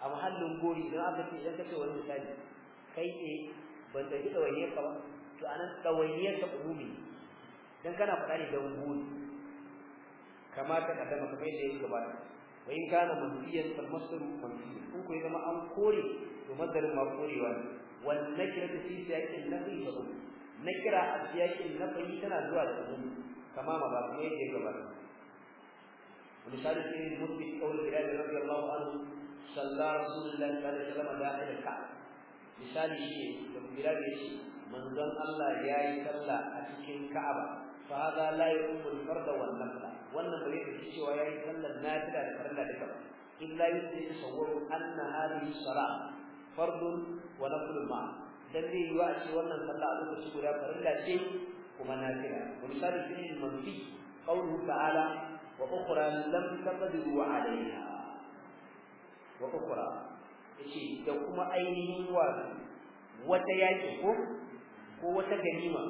Speaker 1: a mahallin gori idan aka ce idan ka ce wani misali kai ke ban da ji ɗawainiyar ka ba to nan ɗawainiyar ka umumi dan kana faɗa ne don gori Kamar ta kaddama kamar yadda ya da wa in kana manfiyan fal masdar manfiyan kun ko zama an kore to masdarin ma korewa ne kira ta fi fi nafi Na kira a na nafi tana zuwa da ɗumi kama ma ba kamar yadda ya gabata misali sai mutum qaul bilal radiyallahu anhu sallar sunan sallallahu alaihi wasallam da aka ka misali shi da bilal ne shi manzon Allah ya yi sallah a cikin Ka'aba fa hada la yu'mul farda wal nafla wannan bare da cewa ya yi na tada da farda da kaba illa yusri tasawwuru anna hadhihi salat fardun wa naflun ma dan zai yi wa ce wannan sallah a lokaci guda farda ce kuma na tada misali shi ne qawlu ta'ala wa ukhra lam taqdiru 'alayha wa ukura yace da kuma ainihin wa wata yaki ko ko wata ganima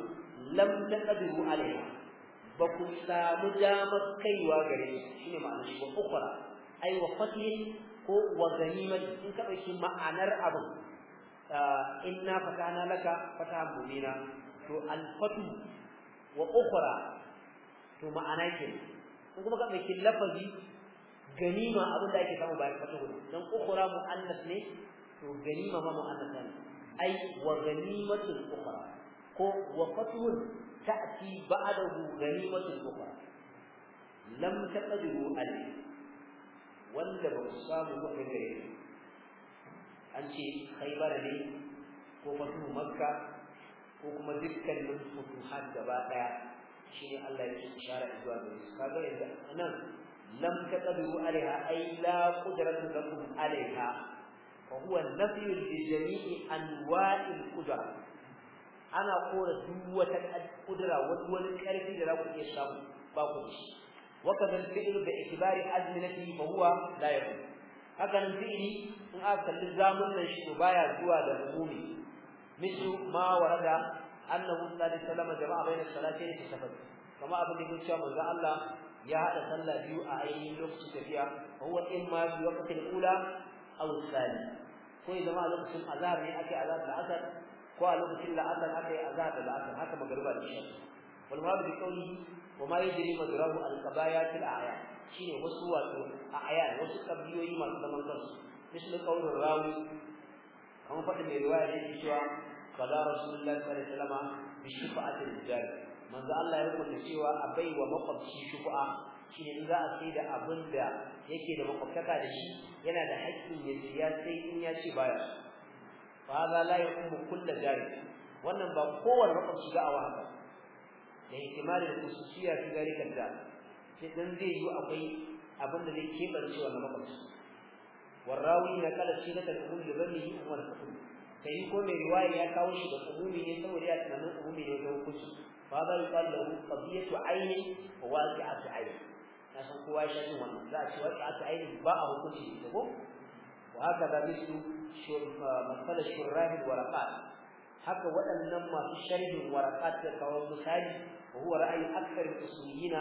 Speaker 1: lam taqdiru alaiha ba ku samu damar kaiwa gare shi shine ma'anar shi wa ukura ai wa fatin ko wa ganimati in ka dauki ma'anar abin ah, inna fatana laka fatahan mubina to al wa ukura to ma'ana ke kuma ka dauki lafazi ganima abinda ake samu bayan fatuhu dan ukhra muannas ne to ganima ma muannas ne ai wa ganimatul ukhra ko wa fatuhun ta'ti ba'dahu ganimatul ukhra lam taqdiru alayhi wanda ba ku samu ba ne. an ce khaybar ne ko fatuhu makka ko kuma dukkanin futuhat gaba daya shi ne Allah ya ce ishara zuwa gare su kaga yanzu anan lam taqdiru alaiha ay la qudratu lakum alaiha fa huwa nafyu li jami'i anwa'il qudra ana kora duk wata kudura wani wani karfi da za ku iya samu ba ku da shi wa kadal fi'l bi ikbari azminati fa huwa la yakun hakan fi'li in aka kalli zamanin shi to baya zuwa da umumi mislu ma warada annahu jama'a bainas salatayn fi safar kama abin da Allah ya hada sallah biyu a ainihin lokacin tafiya huwa imma bi waqti al-ula aw al-thani ko idan ma lokacin azhar ne ake azhar da asar ko a lokacin la'asar ake azhar da asar haka magruba da isha wal ma bi qawli wa ma yajri madrabu al qabayat al aya shine wasu wato a aya wasu kabiyoyi masu zaman kansu misali qawlin rawi kamar faɗin mai riwaya ne cewa qala rasulullahi sallallahu alaihi wasallam bi shifa'atil jari manzo Allah ya rubuta cewa a bai wa makwabci shuku'a shi ne za a sai da abin da yake da makwabtaka da shi yana da haƙƙin ya siya sai in ya ce baya fa za la yaqumu kullu jari wannan ba kowanne makwabci za a haka da ihtimali da kususiya fi gari da sai dan zai yi akwai abin da zai kebance wannan makwabci warawi na kala shi da kalmun da bani wa al-qur'an sai ko mai riwaya ya kawo shi da umumi ne saboda ya tunanin umumi ne da hukunci babal kallon kabiya su aini waje a su aini na san kowa shi ne wannan za a ce waje a su ba a hukunci da ko wa haka da misu masala shurrahi warqat haka waɗannan masu sharhi warqat da kawai misali wa huwa ra'ayi akthar usuliyina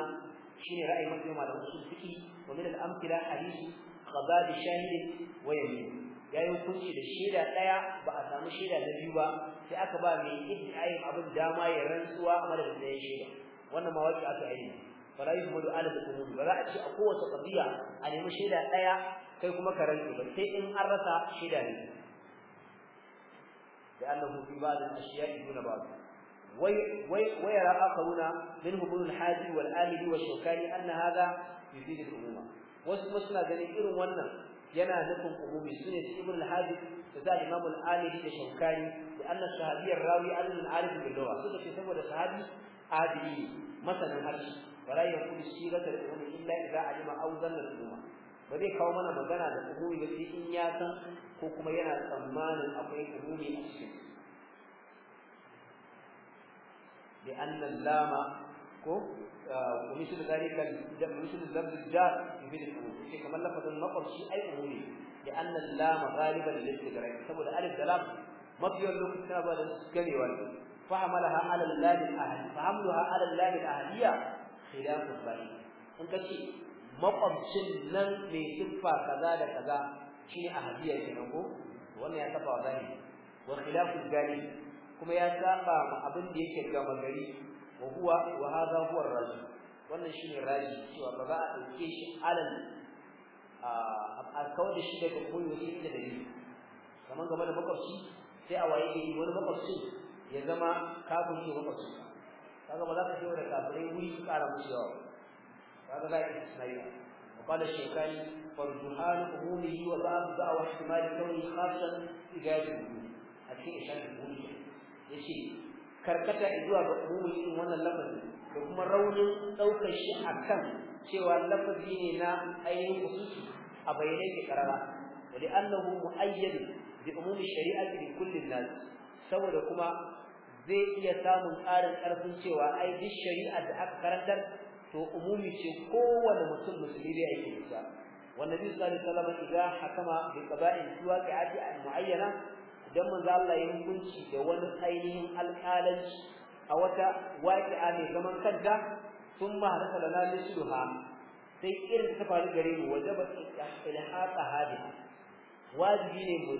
Speaker 1: shine ra'ayi mafi malamu su fiki wa min al-amthila hadisi qadadi shahid wa yamin ya kunci da shaida ɗaya ba a samu shaida na biyu ba sai aka ba mai iddiayin abin dama ya rantsuwa a madadin ɗayan shaida wannan ma waƙi aka yi fara yi kuma du'a da kuma ba za a ce a kowace ƙabiya a nemi shaida ɗaya kai kuma ka rantsu ba sai in an rasa shaida ne da annahu fi ba al-ashiya'i duna ba'd wai wai wai ra akaruna min al-hadi wal-amili wa shukani anna hada? yufidu al-umma wasu suna ganin irin wannan yana nufin umumi sune su ibn al-hadi da za imam al-ali da shaukani da anna sahabiyyar rawi alil arif bil lugha suka ce saboda sahabi adi masanin harshe wala yakun siratul umumi illa idza alima aw zanna al-umma ba zai kawo mana magana da umumi ba sai in ya san ko kuma yana tsammanin akwai umumi a cikin bi anna lama ko kuma shi da gari kan da kuma shi da zabi da bi da ku ke kamar lafazin maqar shi ai umuri da anna saboda alif da lam mabiyul lokacin da ba da gari wani fahamalaha ala lam al ahli fahamluha ala lam al ahliya khilaf al bari in kace maqamcin nan mai siffa kaza da kaza shi ne ahliya ke nan ko wannan ya tafawa zani wa khilaf al bari kuma ya saba ma abin da yake gama gari wa huwa wa hadha huwa ar raji wannan shine raji cewa ba za a dauke shi alal a kawar da shi daga koyo shi da dalili kamar game da makwabci sai a waye gari wani makwabci ya zama kafin shi makwabci kaga ba za ka shiga da kafirai wuri su kara musu yawa kaga za ka ismaila وقال الشيخاني فرجحان عمومه وبعض دعوى احتمال كونه خاصا في غايه الوجود هذه اشاره الوجود يشير karkata zuwa ga umumi irin wannan lafazi da kuma raunin ɗaukar shi akan cewa lafazi ne na ainihin hususi a bayyane ke karara wani annahu mu'ayyadu bi umumin shari'ati bi kullin nas saboda kuma zai iya samun karin karfin cewa ai duk shari'a da aka karantar to umumi ce kowanne mutum musulmi da yake da wannan bi sallallahu alaihi wasallam idan hakama bi qaba'in fi waqi'ati al-mu'ayyana dan manzo Allah ya hukunci da wani ainihin alƙalanci a wata waƙi'a ne zaman kanta sun ma harasa da na misluha sai irin ta faru gare mu waje ba ilhaqa hadi wajibi ne mu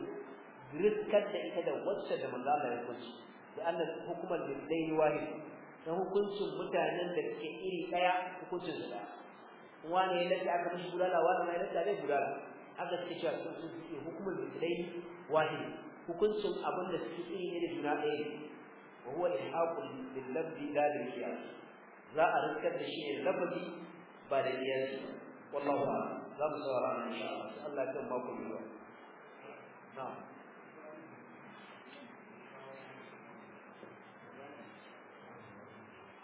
Speaker 1: riskar da ita da wacce da manzo Allah ya hukunci da annal hukumar bidaini wahi ta hukuncin mutanen da ke iri daya hukuncin da wani ya da aka mishi gudala wani da aka mishi gudala haka suke cewa sun suke hukumar dai wahi hukuncin abin da suke tsiri ne da juna ɗaya wa huwa ilhaqul bil labdi la bil qiyas za a riskar da shi ne labdi ba da qiyas wallahu a'lam za mu saurara insha Allah Allah ya ba ku yiwa na'am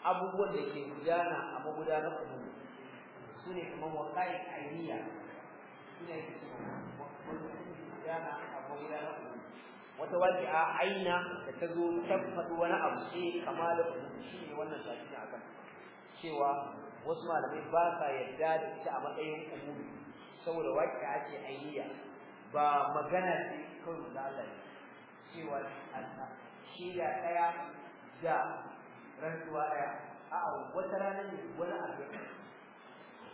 Speaker 1: abubuwan da ke gudana a magudanar kuma su ne kamar wakai ainiya su ne ne a wakai ainiya wata waji'a aina da ta zo tabbata wani abu ce da shi ne wannan tashi na akan cewa wasu malamai ba sa yarda da ita a matsayin umuri saboda waji'a ce ainiya ba magana ce kawai da Allah ne cewa shi ya tsaya da rantsuwa a a'a wata rana ne wani abu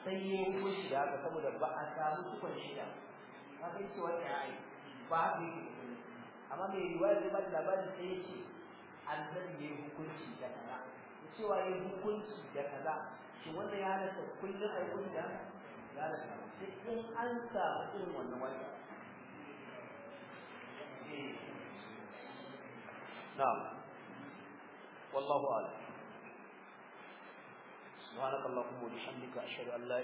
Speaker 1: sai ya hukunci da haka saboda ba a samu tukun shida ka kai cewa ta yi ba a yi amma mai riwaya zai bada labarin sai ya annabi ya yi hukunci da kaza da cewa ya yi hukunci da kaza shi wannan ya halatta kullum a yi da ya halatta sai in an samu irin wannan wanda نعم والله أعلم سبحانك اللهم وبحمدك أشهد لا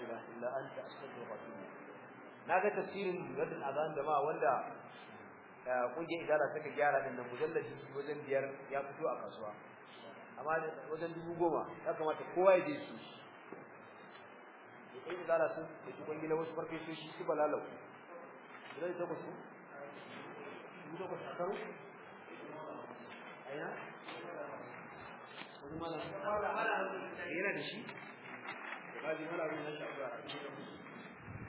Speaker 1: wanda Eh, kungiyar idara suka gyara din nan mujallaji wajen biyar ya fito a kasuwa amma wajen dubu goma ya kamata kowa ya je su da kai idara sun da ki kungiyar wasu farko su shi ba lalau idan ta kusu dubu da kusa karo aina yana da shi ba ji mala abin da shi a
Speaker 2: cikin